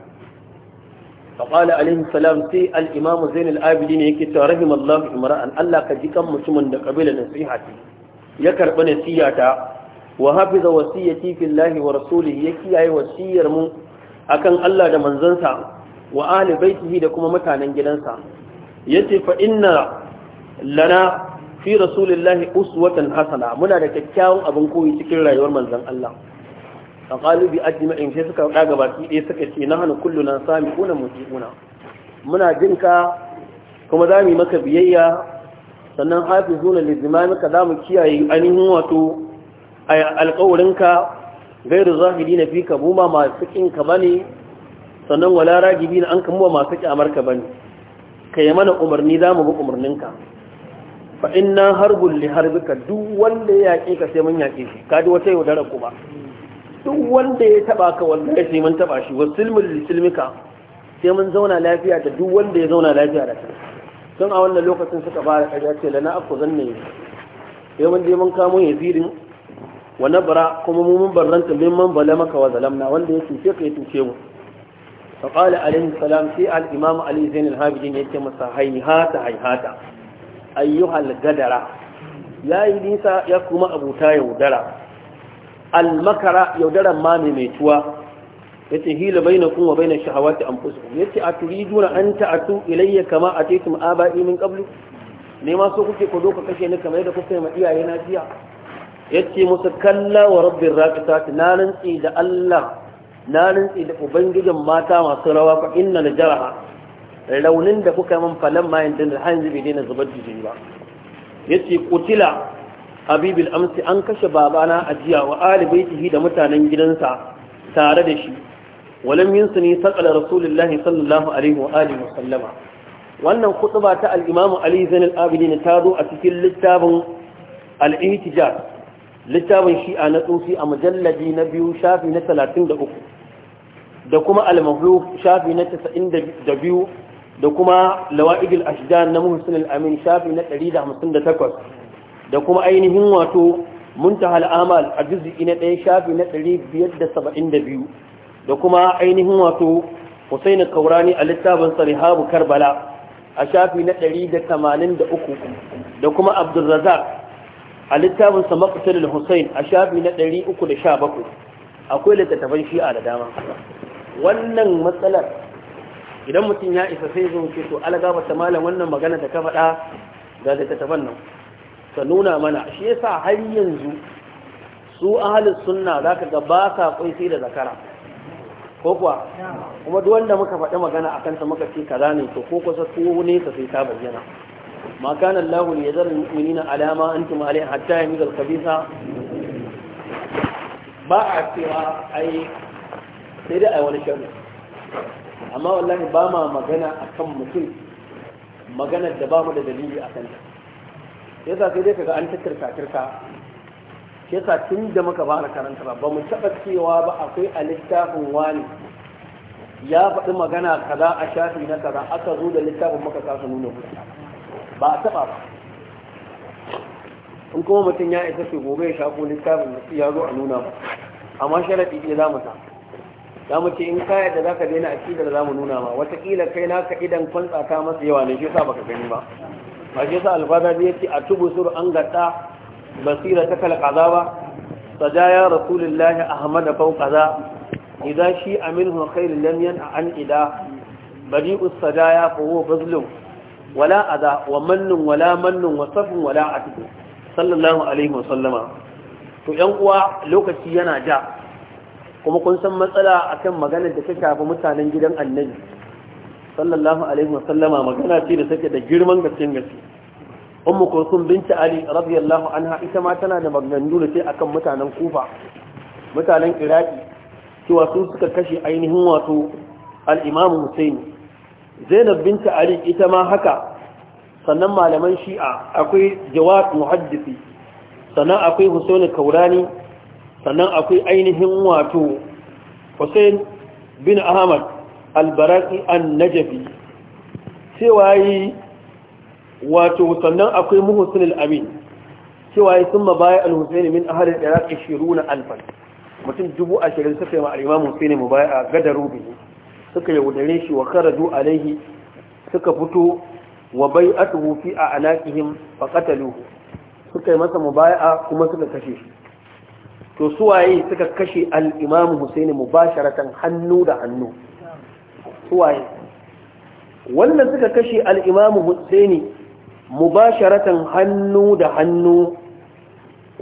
فقال عليه السلام تي الامام زين Abidi ne yake ta, rahim Allah imra'a Allah ka ji kan mutumin da kabilar nasiha ce ya karɓi nasiha wa hafiza wasiyati billahi wa rasulih ya kiyaye wasiyarmu akan Allah da manzansa wa ahli baitihi da kuma mutanen gidansa Ya ce, fa inna lana fi rasulillahi uswatan Hassana." muna da kyakkyawan abin koyi cikin rayuwar manzan Allah a ƙalubi ajma'in sai suka faɗa gaba ɗaya suka ce na hana kullu nan sami kuna una. muna ka, kuma za mu yi maka biyayya sannan hafi zuna lizimani ka za mu kiyaye ainihin wato a alƙawarinka gairu zahiri na fi ka buma masu ka ba ne sannan wala ragibi na an kamuwa masu ƙyamarka ba ne ka yi mana umarni za mu bi umarninka fa inna harbul liharbi ka duk wanda ya yaƙe ka sai mun yaƙe shi ka ji wata yaudarar ku ba duk wanda ya taba ka wallahi sai mun taba shi wasilmul silmika sai mun zauna lafiya da duk wanda ya zauna lafiya da kai tun a wannan lokacin suka fara kaja ce lana aku zanne sai mun je mun kamo yazidin wa nabra kuma mu mun barranta min man balamaka wa zalamna wanda ya tuce ka ya tuce mu fa qala alayhi salam sai al imam ali zain al habidin yake masa hayhata hayhata ayyuhal gadara yayi nisa ya kuma abuta yaudara almakara yaudaran ma mai tuwa yace hila bainakum wa bainash shahawati anfusukum yace aturiduna an ta'atu ilayya kama atitum aba'i min qablu ne ma so kuke ku ka kashe ni kamar yadda kuka ma iyaye na jiya yace musu kalla wa rakita raqitat na rantsi da Allah na rantsi da ubangijin mata masu rawa fa inna da jaraha raunin da kuka min falon ma yanzu har yanzu bai daina zubar da jini ba yace kutila habibil amsi an kashe babana a jiya wa alibai alibaitihi da mutanen gidansa tare da shi walam ne saqala rasulullahi sallallahu alaihi wa alihi wa sallama wannan khutba ta al-imamu ali zain al-abidin ta zo a cikin littafin al-ihtijaj littafin shi a tsufi a mujalladi na biyu shafi na talatin da uku, da kuma al-mahluf shafi na casa'in da biyu, da kuma lawa'id al-ashdan na muhsin al-amin shafi na ɗari da da hamsin takwas. da kuma ainihin wato muntahal amal a juz'i na ɗaya shafi na 572 da kuma ainihin wato Husaini Kaurani a littafin Sarihabu Karbala a shafi na 183 da kuma Abdulrazak a littafin sa Maqtal Husain a shafi na 317 akwai littattafan shi'a da dama wannan matsalar idan mutum ya isa sai zo ce to algaba ta malam wannan magana da ka faɗa ga littattafan nan ka nuna mana shi yasa har yanzu su ahalin sunna za ka ga ba sa kwai sai da zakara ko kuwa kuma duk wanda muka faɗi magana a kanta muka ce kaza ne to ko kusa tuwo ne ka sai ta bayyana ma kana Allah ne ya zara na alama antum alai hatta yamiz al kabisa? ba a cewa ai sai dai ai wani sharri amma wallahi ba ma magana akan mutum magana da ba mu da dalili a kanta yasa sai dai kaga an tattirka tirka sa tun da muka fara karanta ba mu taɓa cewa ba akwai a littafin wani ya faɗi magana kaza a shafi na kaza aka zo da littafin muka kasa nuna kuɗa ba a taɓa ba in kuma mutum ya isa ce gobe ya shafo littafin da ya zo a nuna ba amma sharaɗi ne za mu ta za mu ce in kaya da za ka daina da za mu nuna ma watakila kai naka idan kwantsa ta masu yawa ne shi sa baka gani ba ba shi yasa alfada ne a atubu sur an gatta basira ta kal kaza ba sajaya rasulullah ahmad fau kaza idan shi aminhu khair lam yan an ida badi'u sajaya fa huwa fazlun wala adha wa mannun wala mannun wa safun wala atiku sallallahu alaihi wa sallama to yan uwa lokaci yana ja kuma kun san matsala akan maganar da ta shafi mutanen gidan annabi sallallahu alaihi wasallama magana ce da take da girman gaskiyar gaske ummu kulsum binti ali radiyallahu anha ita ma tana da magandu da ce akan mutanen kufa mutanen iraki cewa su suka kashe ainihin wato al-imamu husaini zainab binti ali ita ma haka sannan malaman shi'a akwai jawad muhaddisi sannan akwai husaini kaurani sannan akwai ainihin wato husain bin ahmad albaraki an najafi cewa yi wato sannan akwai muhussin al'amin cewa yi sun mabaya al-husaini min ahalin iraq 20 alfan mutum dubu ashirin suka yi ma'alimam husaini mubaya a gadar rubin suka yaudare shi wa karadu alaihi suka fito wa bai atubu fi a alaƙihim fa qataluhu suka yi masa mubaya'a kuma suka kashe shi to suwaye suka kashe al-imam husaini mubasharatan hannu da hannu suwaye wannan suka kashe al'imamu Hussaini mubasharatan hannu da hannu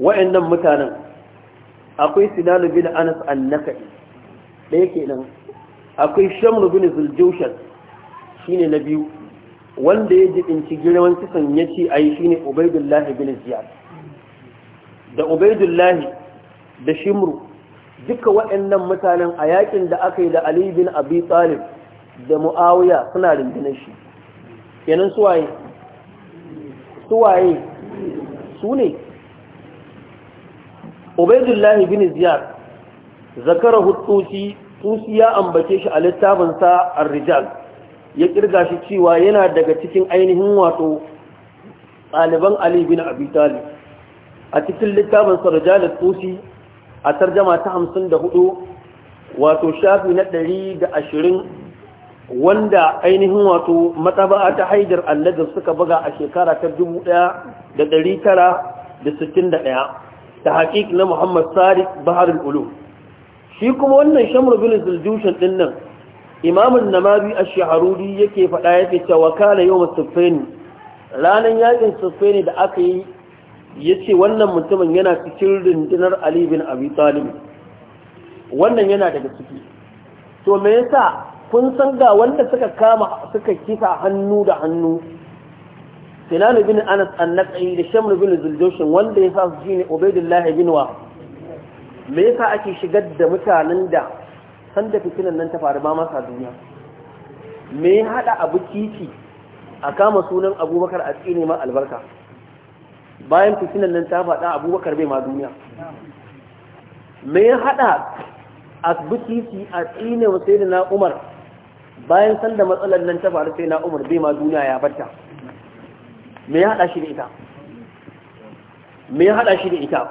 wa'yannan mutanen akwai sinanu bin anas annaka'i ɗaya kenan akwai shamru bin shi shine na biyu wanda ya jibinci girman kisan ya ce a yi shine ubaidullahi bin ziyar da ubaidullahi da shimru duka waɗannan mutanen a yakin da aka yi da ali bin abi talib da mu'awiya suna rindinan shi kenan suwaye suwaye su ne ubaidullahi bin ziyar zakara hutusi tusi ya ambace shi a littafinsa ar-rijal ya kirga shi cewa yana daga cikin ainihin wato ɗaliban ali bin abi talib a cikin littafinsa rijal tusi a tarjama ta 54 wato shafi na 120 wanda ainihin wato mataba ta haidar annabi suka buga a shekara ta 1961 ta haƙiƙ na muhammad sadiq bahar Ulum shi kuma wannan shamar bin zuljushin din nan an namabi a shaharuri yake faɗa yake cewa yawm yau musulfeni ranar yakin sulfeni da aka yi ya wannan mutumin yana cikin rundunar ali bin abi talib wannan yana daga ciki to me yasa kun san ga wanda suka kama suka kisa hannu da hannu sinan bin anas annaqi da shamr bin zuljoshin wanda ya sa su ne ubaidullah bin wa me yasa ake shigar da mutanen da san da fitinan nan ta faru ba sa duniya me ya hada abu kici a kama sunan abubakar a tsine ma albarka bayan fitinan nan ta faɗa abubakar bai ma duniya me ya hada asibiti a tsine wa sai na umar bayan sanda matsalar nan ta faru sai na umar bai ma duniya ya barta me ya hada shi da ita me hada shi da ita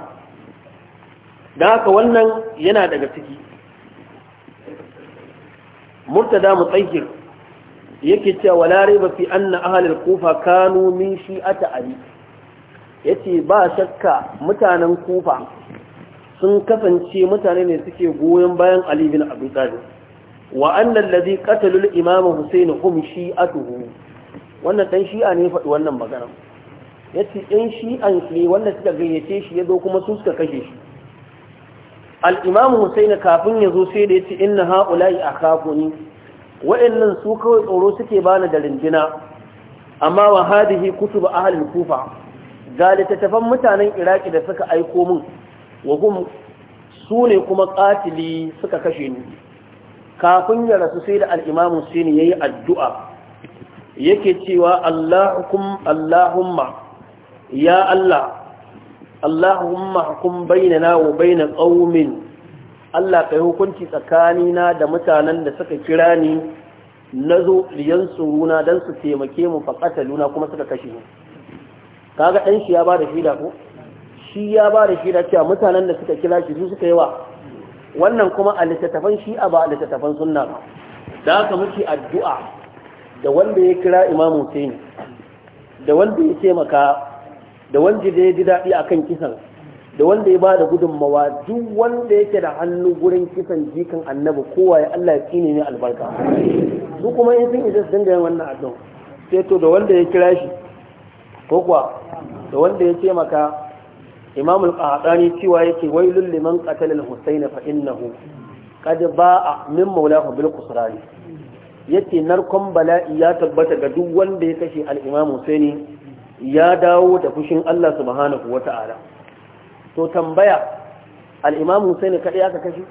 da haka wannan yana daga ciki murtada mutsayyir yake cewa walare ba fi anna ahalil kufa kanu min shi'ata ali yace ba shakka mutanen kufa sun kasance mutane ne suke goyon bayan ali bin tsari. talib wa annal ladhi qatalul imam husayn hum shi'atuhu wannan dan shi'a ne faɗi wannan magana yace ɗan shi'an ne wanda suka gayyace shi yazo kuma su suka kashe shi al-imam husayn kafin yazo sai da yace inna ha'ula'i akhafuni wa'annan su kawai tsoro suke bani da rindina amma wa hadihi kutub ahli kufa ga littattafan mutanen iraki da suka aiko min wa hum su ne kuma ƙatili suka kashe ni kafin ya rasu sai da al'imamu sai ya yi addu'a yake cewa Allahumma ya Allah Allahumma hukum bainana wa baina qaumin Allah ka yi hukunci tsakanina da mutanen da suka kira ni nazo liyan runa don su taimake mu faƙata faqataluna kuma suka kashe ni kaga dan shi ya ba bada shida ko shi ya ba da shida cewa mutanen da suka kira shi su suka yi wa wannan kuma a littattafan shi'a ba a littattafan sunna ba da haka muke addu'a da wanda ya kira imam Hussein da wanda ya taimaka da wanda ya ji daɗi a kan kisan da wanda ya ba da gudunmawa duk wanda yake da hannu gurin kisan jikan annabi kowa ya Allah ya tsine ne albarka su kuma in sun isa dinga yin wannan addu'a sai to da wanda ya kira shi ko kuwa da wanda ya taimaka imam al-qahtani cewa yake wailul liman qatala al-husayn fa innahu qad ba'a min mawlahu bil qusrani yace narkon bala'i ya tabbata ga duk wanda ya kashe al-imam husaini ya dawo da fushin Allah subhanahu wata'ala to tambaya al-imam husaini kadai aka kashe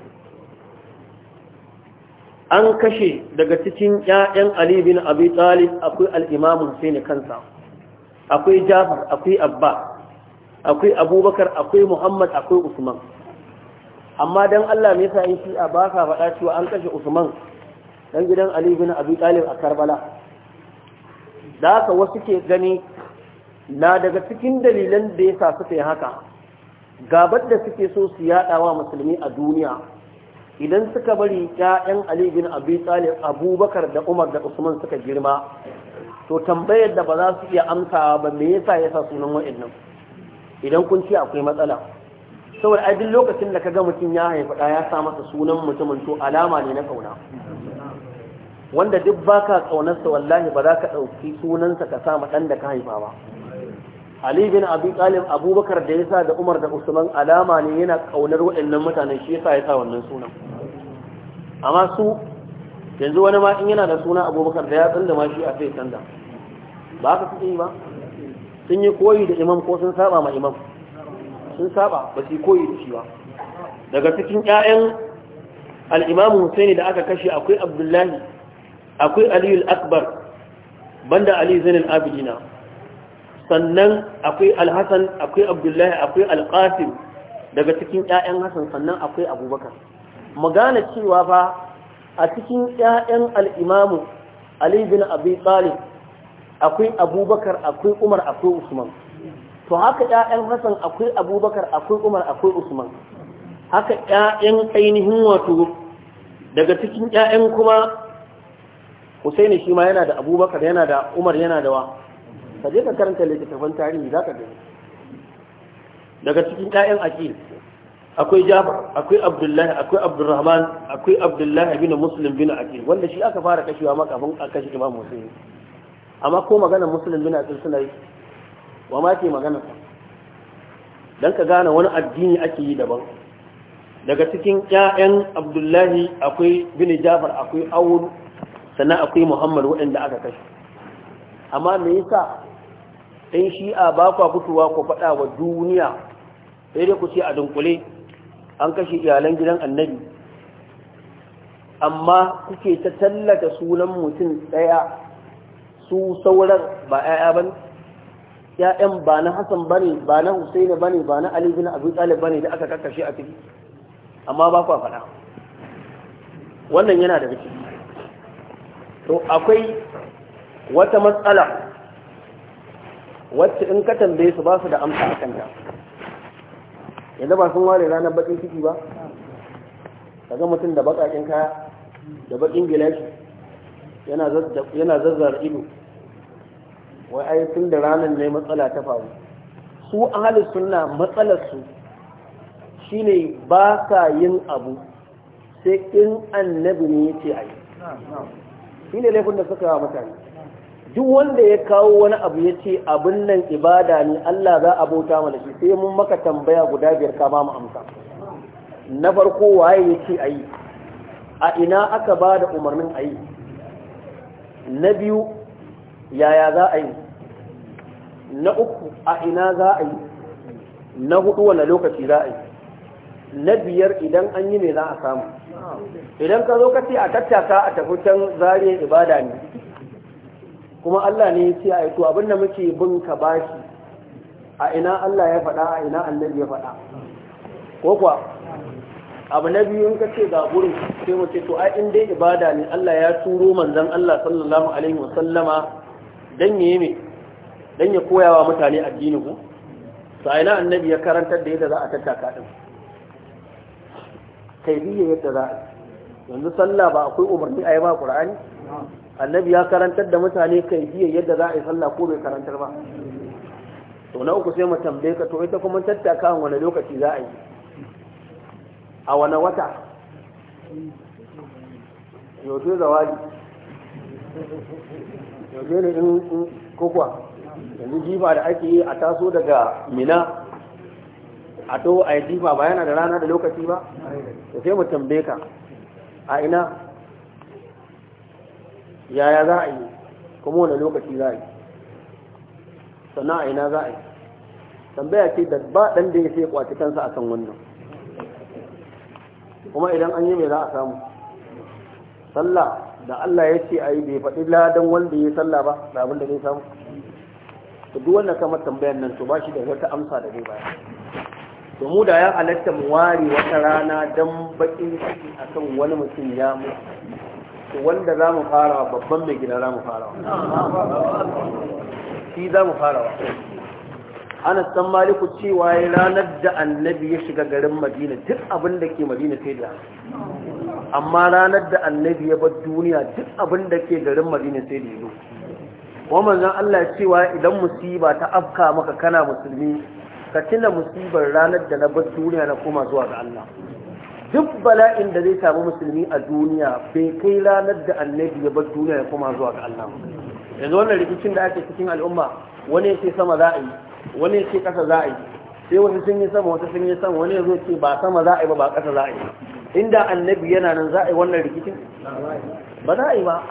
an kashe daga cikin ƴaƴan Ali bin Abi Talib akwai al-imam husaini kansa akwai Jafar akwai Abba akwai abubakar akwai muhammad akwai usman amma dan allah me sa in shi'a ba ka faɗa cewa an kashe usman ɗan gidan ali bin abi a karbala da haka wasu ke gani na daga cikin dalilan da ya sa suka yi haka gabar da suke so su yaɗa wa musulmi a duniya idan suka bari ƴaƴan ali bin abi abubakar da umar da usman suka girma to tambayar da ba za su iya amsawa ba me yasa sa sunan wa'annan idan kun ce akwai matsala saboda a duk lokacin da ka ga mutum ya haifa da ya sa masa sunan mutumin to alama ne na kauna wanda duk baka kaunarsa wallahi ba za ka ɗauki sunansa ka sa ma dan da ka haifa ba Ali bin Abi Talib Abubakar da yasa da Umar da Usman alama ne yana kaunar waɗannan mutanen shi yasa ya sa wannan sunan amma su yanzu wani ma in yana da suna Abubakar da ya tsanda ma shi a sai tsanda ba ka kuɗi ba sun yi koyi da imam ko sun saba ma imam sun saba ba su yi koyi da shi ba daga cikin ƴaƴan al-imam Husaini da aka kashe akwai Abdullahi akwai Ali al-Akbar banda Ali zanen abidina sannan akwai Al-Hasan akwai Abdullahi akwai Al-Qasim daga cikin ƴaƴan Hassan sannan akwai Abubakar magana cewa fa a cikin ƴaƴan al-imam Ali bin Abi Talib akwai abubakar akwai umar akwai usman to haka 'ya'yan hasan akwai abubakar akwai umar akwai usman haka 'ya'yan ainihin wato daga cikin 'ya'yan kuma husaini shi ma yana da abubakar yana da umar yana da wa ka je ka karanta littattafan tarihi za ka gani daga cikin ƴaƴan aqil akwai jafar akwai abdullahi akwai abdurrahman akwai abdullahi bin muslim bin aqil wanda shi aka fara kashewa makafin a kashe imam musulmi amma ko maganar musulun bin asir suna yi wa ma ke maganar don ka gane wani addini ake yi daban daga cikin 'ya'yan abdullahi akwai bin jafar akwai awul sannan akwai muhammad waɗanda aka kashe amma me yasa ɗan shi'a ba kwa fitowa ku faɗa wa duniya sai dai ku ce a dunkule an kashe iyalan gidan annabi amma kuke ta tallata sunan mutum ɗaya su sauran ba ƴaƴa ne? ya'yan ba na Hassan ba ne, ba na Husaini ne, ba na alibin abu Abi ba ne da aka kakashe a ciki amma ba kwa faɗa wannan yana da bikin. to akwai wata matsala wacce in ka tambaye su ba su da amsa a kanta yanzu ba sun ware ranar bakin ciki ba Ka ga mutum da bakakin kaya da bakin gilashi yana zazzar ido wai ai tun da ranar ne matsala ta faru su ahli sunna matsalar su shine ba ka yin abu sai in annabi ne yake ai shine laifin da suka wa mutane duk wanda ya kawo wani abu ya ce abin nan ibada ne Allah za a bauta mana shi sai mun maka tambaya guda biyar ka ba mu amsa na farko waye ya ce a ina aka ba da umarnin a na biyu yaya za a yi na uku a ina za a yi na hudu wane lokaci za a yi na biyar idan an yi ne za a samu idan ka zo ka ce a tattaka a tafi can zariya ibada ne kuma Allah ne ce a to abin da muke bin ka bashi a ina Allah ya faɗa a ina annabi ya faɗa ko kuwa abu na biyu in ka ce ga gurin sai mu ce to ai in dai ibada ne Allah ya turo manzon Allah sallallahu alaihi wa sallama dan yayi me dan ya koya wa mutane addini ku to ai na annabi ya karantar da yadda za a tattaka din Kai biye yadda za a yanzu sallah ba akwai umarni a ba qur'ani annabi ya karantar da mutane kai biye yadda za a yi sallah ko bai karantar ba to na uku sai mu tambaye ka to ita kuma tattaka wani lokaci za a yi a wani wata yauke zawadi Yaushe ne in kokwa yanzu jifa da ake yi a taso daga mina a to a yi jifa ba yana da rana da lokaci ba da sai mutum beka ka a ina yaya za a yi kuma wani lokaci za a yi sannan a ina za a yi tambaya ce da ba ɗan da ya sai kwace kansa akan wannan kuma idan an yi mai za a samu sallah da Allah ya ce a yi bai faɗi ladan wanda ya sallah ba da abin da zai samu to duk wanda kamar tambayan nan to ba shi da wata amsa da zai baya to mu da ya alatta mu ware wata rana dan bakin ciki akan wani mutum ya mu to wanda za mu fara babban mai gida za mu fara shi za mu fara wa Ana san maliku cewa ya ranar da annabi ya shiga garin madina duk abin da ke madina sai da amma ranar da annabi ya bar duniya duk abin da ke garin madina sai da yazo wa manzon Allah cewa idan musiba ta afka maka kana musulmi ka tuna musibar ranar da na bar duniya na koma zuwa ga Allah duk bala'in da zai samu musulmi a duniya bai kai ranar da annabi ya bar duniya ya koma zuwa ga Allah yanzu wannan rikicin da ake cikin al'umma wani ya ce sama za a yi wani ce ƙasa za a yi sai wasu sun yi sama wata sun yi sama wani zo ce ba sama za yi ba ba ƙasa za yi inda annabi yana nan za wannan rikicin ba za yi ba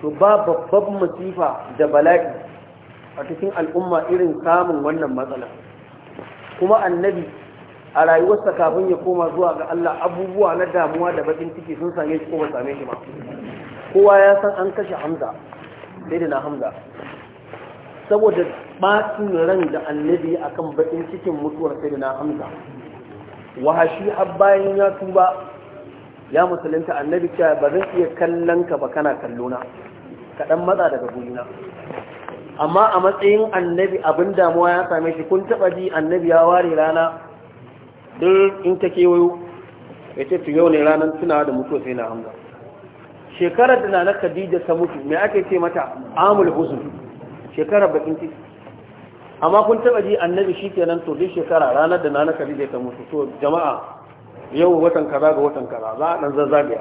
to ba babban masifa da bala'i a cikin al'umma irin samun wannan matsala kuma annabi a rayuwarsa kafin ya koma zuwa ga Allah abubuwa na damuwa da bakin ciki sun same shi ko ba same shi ba kowa ya san an kashe Hamza sai da na Hamza saboda ɓacin ran da annabi akan bakin cikin mutuwar sai na hamza wahashi har bayan ya tuba ya musulunta annabi cewa ba zan iya kallon ka ba kana kallo kallona kaɗan matsa daga gurina amma a matsayin annabi abin damuwa ya same shi kun taɓa ji annabi ya ware rana duk in ta kewayo ya ce tu yau ne ranar tunawa da mutuwa sai na hamza shekarar da na khadija ta mutu me ake ce mata amul huzun shekarar bakin ciki amma kun taba ji annabi shi kenan to duk shekara ranar da nana zai ta mutu to jama'a yau watan kaza ga watan kaza za a dan zazzabiya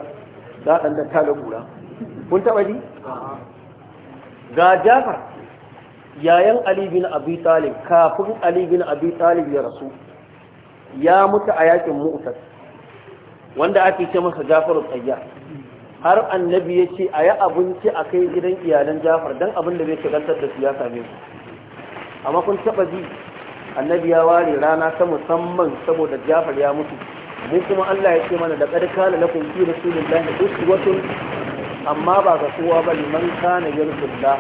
za a da ta gura kun taba ji ga Jafar yayan Ali bin Abi Talib kafin Ali bin Abi Talib ya rasu ya mutu a yakin mu'tas wanda ake ce masa Jafar Tsayya har annabi ya ce a yi abinci a kai gidan iyalan jafar don abin da bai shigantar da siyasa su amma kun taɓa ji annabi ya ware rana ta musamman saboda jafar ya mutu mu kuma Allah ya ce mana da ƙarƙa na lakum da rasulillahi uswatun amma ba ga kowa ba liman kana yarju Allah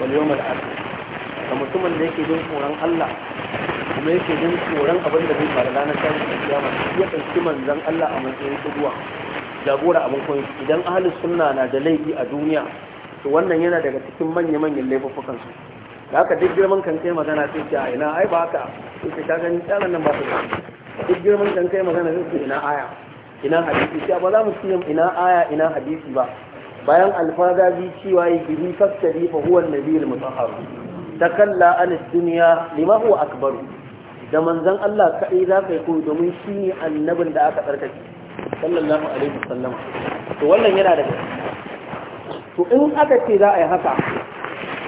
wal yawmal akhir ga mutumin da yake jin tsoron Allah kuma yake jin tsoron abin da zai faru ranar tashin kiyama ya ɗauki manzon Allah a matsayin kuduwa jagora abin koyi idan ahalus sunna na da laifi a duniya to wannan yana daga cikin manya manyan laifukan su da haka duk girman kan kai magana sai ce a ina ai ba haka sai ce ta gani tsaron nan ba su da duk girman kan kai magana sai ce ina aya ina hadisi sai ba za mu ci ina aya ina hadisi ba bayan alfaza bi cewa yi bihi fassari fa huwa an-nabiyul mutahhar takalla an ad-dunya lima huwa akbaru da manzon Allah kai za kai koyi domin shi ne annabin da aka tsarkake sallallahu alaihi wasallam to wannan yana da to in aka ce za a yi haka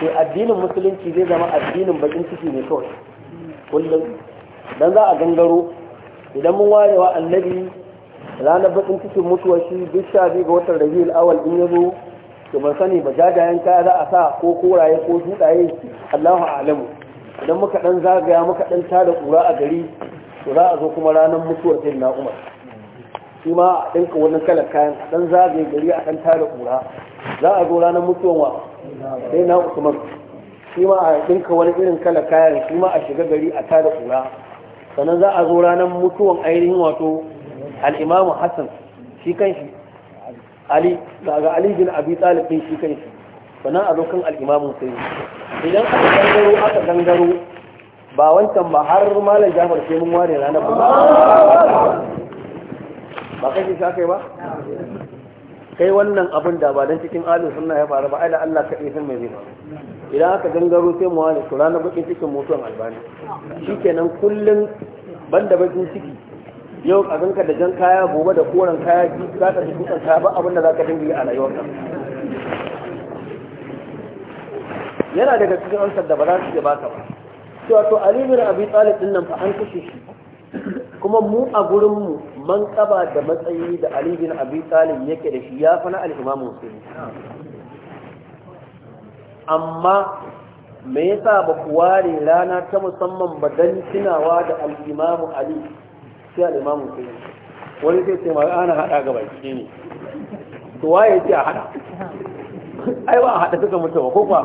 to addinin musulunci zai zama addinin bakin ciki ne kawai kullum dan za a gangaro idan mun warewa annabi ranar bakin cikin mutuwar shi duk sha biyu ga watan rabiul awal in yazo to ban sani ba jajayen kaya za a sa ko koraye ko dudaye Allahu a'lamu idan muka dan zagaya muka dan tada kura a gari to za a zo kuma ranar mutuwar sayyidina Umar shi ma a ɗinka wani kalar kayan a ɗan zagaye gari a ɗan tare ƙura za a zo ranar mutuwan wa sai na usman shi ma a ɗinka wani irin kalar kayan shi ma a shiga gari a tare ƙura sannan za a zo ranar mutuwan ainihin wato al'imamu hassan shi kan shi ali daga ali bin abi talib shi kan shi sannan a zo kan al'imamun sai idan aka gangaro aka gangaro ba wancan ba har malam jafar sai mun ware ranar ba ba kai shi kai ba kai wannan abin da ba don cikin alin suna ya faru ba ai da Allah kaɗai san mai zai ba. idan aka gangaro sai mu wani kura na bakin cikin mutuwan albani shikenan ban banda bakin ciki yau a ganka da jan kaya gobe da koren kaya za ka ji dutsen kaya ba abin da za ka dinga a ka yana daga cikin amsar da ba za su iya ba cewa to ali bin abi talib din nan fa an kashe shi kuma mu a gurinmu man kaba da matsayi da Ali bin Abi Talib yake da shi ya fa na al-Imam Muslim amma me yasa ba ku ware rana ta musamman ba dan tunawa da al-Imam Ali sai al-Imam Muslim wani sai ce ma ana hada ga baki ne to waye ce a hada ai ba a hada suka mutu ba ko kuwa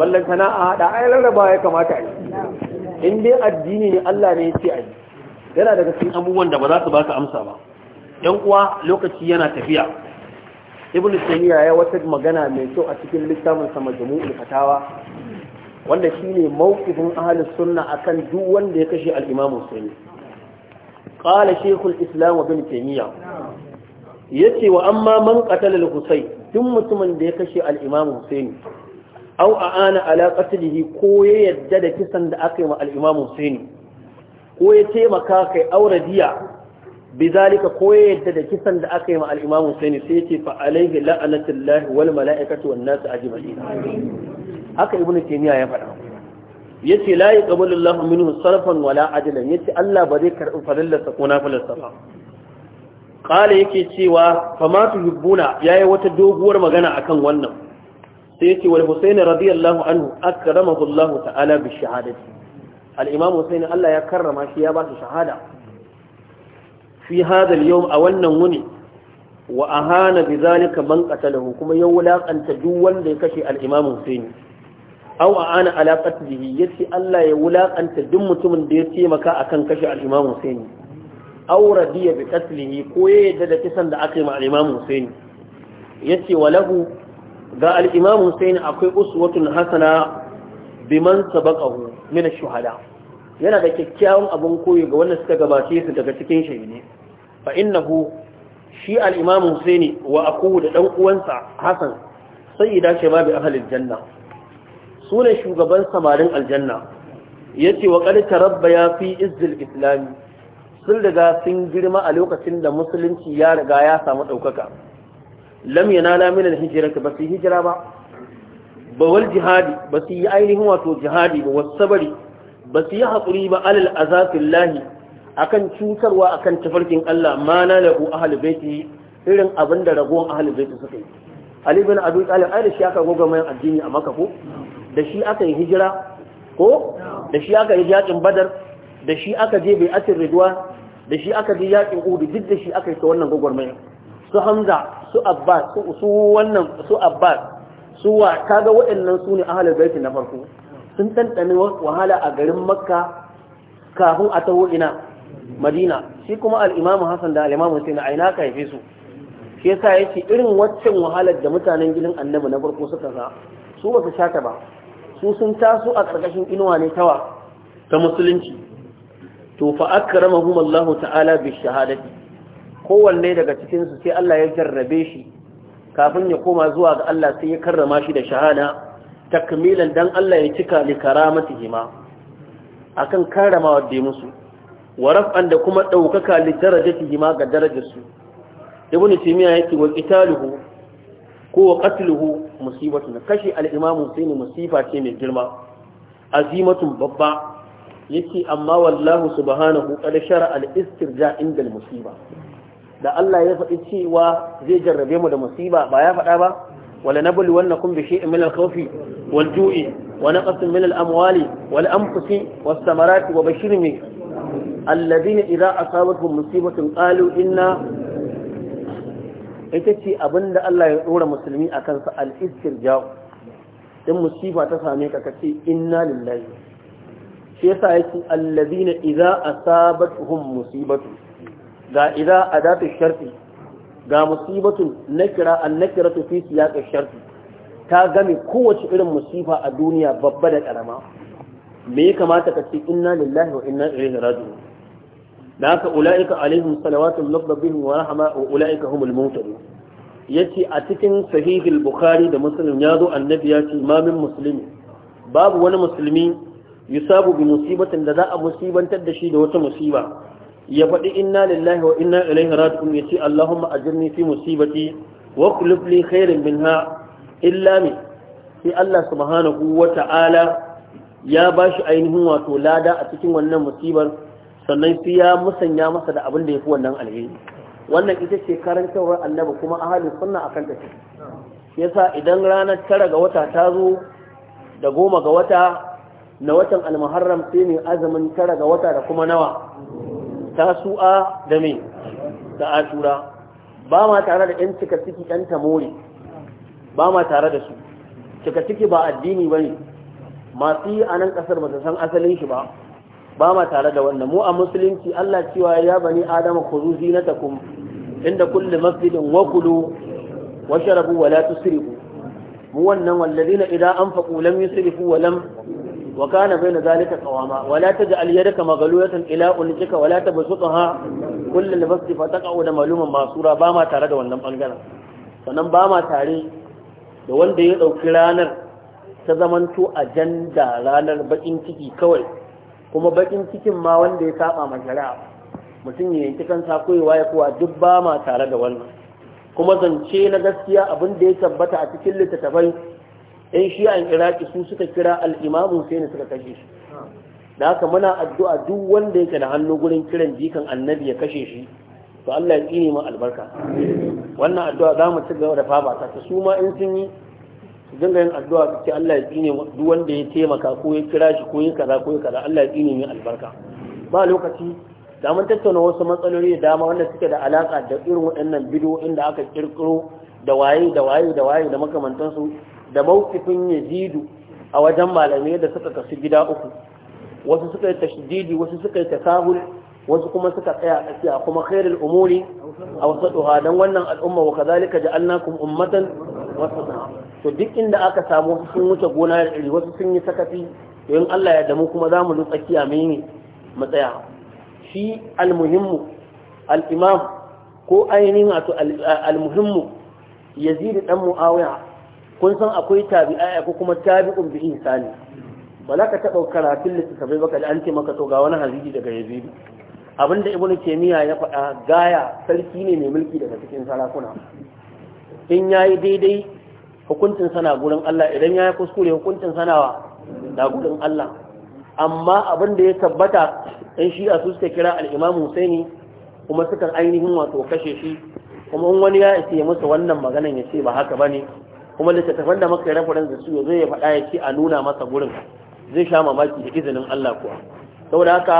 ballan sana'a a hada ai rarraba ya kamata a yi in dai addini ne Allah ne ya ce a yi yana daga cikin abubuwan da ba za su baka amsa ba yan uwa lokaci yana tafiya ibn taymiya ya wata magana mai kyau a cikin littafin sa majmu'ul fatawa wanda shine mawqifin ahli sunna akan duk wanda ya kashe al-imam Husaini qala shaykhul islam ibn taymiya yace wa amma man qatala al-husayn duk mutumin da ya kashe al-imam Husaini aw aana ala qatlihi ko ya yadda da kisan da aka yi wa al-imam Husaini ko ya taimaka kai aure diya zalika ko ya yadda da kisan da aka yi ma al-Imam Husaini sai yace fa alaihi la'natullah wal mala'ikatu wan nas ajma'in haka ibnu taymiya ya faɗa yace la yaqbalu Allahu minhu sarfan wala adlan yace Allah ba zai karɓi falallarsa ko nafilarsa ba qala yake cewa fa ma tuhibbuna yayi wata doguwar magana akan wannan sai yace wal Husaini radiyallahu anhu akramahu Allah ta'ala bi shahadati al-imam Allah ya karrama shi ya ba shahada fi hadha al a wannan wuni wa ahana bidhalika man qatalahu kuma ya wulaƙanta duk wanda ya kashe al-imam a ana ahana ala ya yace Allah ya wulakanta duk mutumin da ya taimaka akan kashe al-imam Hussein radiya bi qatlihi ko ya yadda da kisan da aka yi ma al-imam Hussein yace walahu ga alimam imam akwai uswatun hasana biman sabaqahu min ash-shuhada yana da kyakkyawan abin koyi ga wanda suka gabace su daga cikin ne fa innahu shi al-imam Husaini wa aku da dan uwansa Hassan sayyida shababi ahli al-janna sunan shugaban samarin aljanna yace wa qad ya fi izzil islam sun riga sun girma a lokacin da musulunci ya riga ya samu daukaka lam yanala min al-hijra ba su hijira ba bawal jihadi ba su yi ainihin wato jihadi ba wasabari ba su yi haƙuri ba alal azafin lahi akan cutarwa akan tafarkin Allah ma na lahu ahal baiti irin abin da ragowar ahal baiti suka yi Ali bin Abi Talib ai da shi aka goga mayan addini a Makka ko da shi aka yi hijira ko da shi aka yi yakin Badar da shi aka je bai atir Ridwa da shi aka je yakin Uhud duk da shi aka yi ta wannan gogormaya su Hamza su Abbas su wannan su Abbas su wa kaga waɗannan su ne ahlul baiti na farko sun ɗanɗani wahala a garin makka kafin a taho ina madina shi kuma al'imamu hassan da al'imamu sai na aina ka haife su shi yasa ya ce irin waccan wahalar da mutanen gidan annabi na farko suka sa su ba su shata ba su sun taso a ƙarƙashin inuwa ne tawa ta musulunci to fa akramahum Allahu ta'ala bi shahadati kowanne daga cikinsu sai Allah ya jarrabe shi kafin ya koma zuwa ga Allah sai ya karrama shi da shahada takmilan dan Allah ya cika li karamatihima akan karama da musu wa raf'an da kuma daukaka li darajatihima ga darajarsu ibnu timiya yake wa qitaluhu ko wa qatluhu musibatun kashi al-imamu sai musifa ce mai girma azimatun babba yake amma wallahu subhanahu qad shara al-istirja inda al-musiba da Allah ya faɗi cewa zai jarrabe mu da musiba ba ya faɗa ba ولنبلونكم بشيء من الخوف والجوع ونقص من الأموال والأنفس والثمرات وبشر الذين إذا أصابتهم مصيبة قالوا إنا ita ce abin Allah ya ɗora musulmi a kansa al'istir jawo in musifa ta same ka kace inna lillahi shi yasa yake allazina idza asabatuhum musibatu ga idza adatu sharti ga musibatun nakira an nakira fi siyaqi sharti ta game kowace irin musifa a duniya babba da ƙarama. me ya kamata ka ce inna lillahi wa inna ilaihi raji'un da haka ulaika alaihim salawatu lafza bihim wa rahma wa ulaika humul mutadun yace a cikin sahihul bukhari da muslim ya zo annabi ya ce ma min muslimi babu wani musulmi yusabu bi musibatin da za a musibantar da shi da wata musiba ya faɗi inna lillahi wa inna ilaihi raji'un ya ce Allahumma ajirni fi musibati wa khulif li khairin minha illa mi sai Allah subhanahu wa ya bashi ainihin wato lada a cikin wannan musibar sannan sai ya musanya masa da abin da yafi wannan alheri wannan ita ce karantawar annabi kuma ahalin sunna akan ta ce yasa idan ranar tara ga wata ta zo da goma ga wata na watan almuharram sai ne azumin tara ga wata da kuma nawa tasu'a da me da ashura ba ma tare da ƴan cika ciki yan tamori ba ma tare da su cika ciki ba addini ba ne masu yi a nan ƙasar ba san asalin shi ba ba ma tare da wannan mu a musulunci Allah cewa ya bani adama ku zuzi na takum inda kulli masjidin wa kulu wa sharabu wa la tusrifu mu wannan wallazina idan anfaqu lam yusrifu wa lam wa kana baina zalika qawama wala taj'al yadaka maghlulatan ila ulqika wala tabsutha kull al-basti fataqa'u da maluman masura ba ma tare da wannan bangaren sannan ba ma tare da wanda ya dauki ranar ta zamanto ajanda ranar bakin ciki kawai kuma bakin cikin ma wanda ya saba ma shari'a mutum ya yanki kansa koyewa ya kowa duk ba ma tare da wannan kuma zance na gaskiya abin da ya tabbata a cikin littattafai yan shi'an iraki su suka kira al'imamu sai suka kashe shi da haka muna addu'a duk wanda yake da hannu gurin kiran jikan annabi ya kashe shi to Allah ya tsine mu albarka wannan addu'a za mu ci gaba da fama ta su ma in sun yi su dinga yin addu'a su ce Allah ya tsine duk wanda ya taimaka ko ya kira shi ko ya kaza ko ya kaza Allah ya tsine mu albarka ba lokaci da mun tattauna wasu matsaloli da dama wanda suke da alaka da irin waɗannan bidiyo inda aka kirkiro da waye da waye da waye da makamantansu da mawqifin yazidu a wajen malamai da suka kasu gida uku wasu suka yi tashdidi wasu suka yi tasahul wasu kuma suka tsaya a tsakiya kuma khairul umuri a aw saduha don wannan al'umma wa kadhalika ja'alnakum ummatan wasata to duk inda aka samu sun wuce gona da iri wasu sun yi sakafi to in Allah ya damu kuma zamu lu tsakiya mai mu tsaya shi almuhimmu al-imam ko ainihin wato al-muhimmu yazid dan muawiya kun san akwai tabi'a'a ko kuma tabi'un bi ihsani ba za ka taɓa karatun littattafai baka da an ce maka to ga wani haziki daga yazidi abinda ibnu miya ya faɗa gaya sarki ne mai mulki daga cikin sarakuna in yayi daidai hukuncin sana gurin Allah idan yayi kuskure hukuncin sanawa na gurin Allah amma abinda ya tabbata in shi a su suka kira al-Imam Husaini kuma suka ainihin wato kashe shi kuma in wani ya ce masa wannan maganan ya ce ba haka bane kuma littattafan da muka yi reference da su zai ya faɗa ya ce a nuna masa gurin zai sha mamaki da izinin Allah kuwa da haka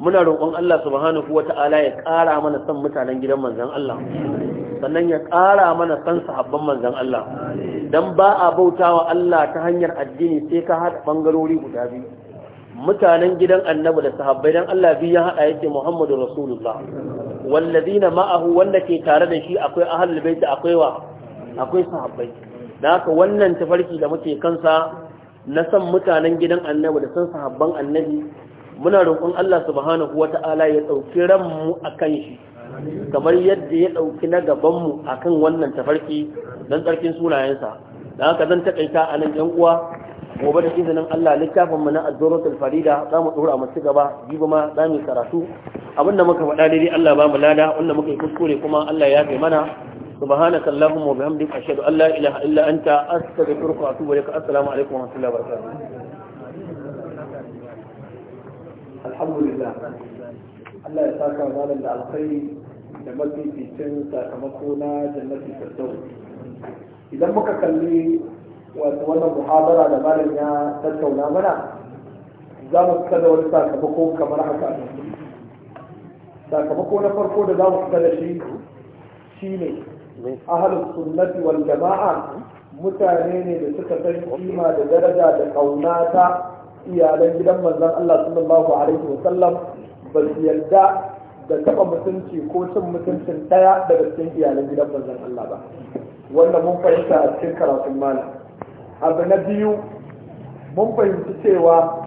muna roƙon Allah subhanahu wata'ala ya ƙara mana son mutanen gidan manzan Allah sannan ya ƙara mana san sahabban manzan Allah Don ba a bautawa Allah ta hanyar addini sai ka haɗa bangarori guda biyu mutanen gidan annabi da sahabbai dan Allah biyu ya haɗa yake Muhammadu Rasulullah wallazina ma'ahu wanda ke tare da shi akwai ahlul bait akwai wa akwai sahabbai da haka wannan tafarki da muke kansa na san mutanen gidan annabi da san sahabban annabi muna roƙon Allah subhanahu ta'ala ya ɗauki ranmu a kan shi kamar yadda ya ɗauki na gabanmu a kan wannan tafarki don tsarkin sunayensa da haka zan taƙaita a nan ‘yan uwa gobe da izinin Allah littafin mu na azzoratul farida za mu dora mu cigaba, gaba jibi ma za mu karatu abinda muka faɗa daidai Allah ba mu lada wanda muka yi kuskure kuma Allah ya kai mana subhanaka allahumma wa bihamdika ashhadu an la ilaha illa anta astaghfiruka wa atubu ilaik assalamu alaikum wa rahmatullahi wa barakatuh alhamdulillah Allah ya saka malam da alkhairi da mafificin sakamako na jannati firdaus idan muka kalli wato wannan muhabara da malam ya tattauna mana za mu fita da wani sakamako kamar haka sakamako na farko da za mu fita da shi shi ne ahlus sunnati wal jama'a mutane ne da suka san kima da daraja da kauna ta iyalan gidan manzon Allah sallallahu alaihi wa sallam ba su yarda da taba mutunci ko cin mutuncin daya daga cikin iyalan gidan manzon Allah ba wanda mun fahimta a cikin karatun malam abu na biyu mun fahimci cewa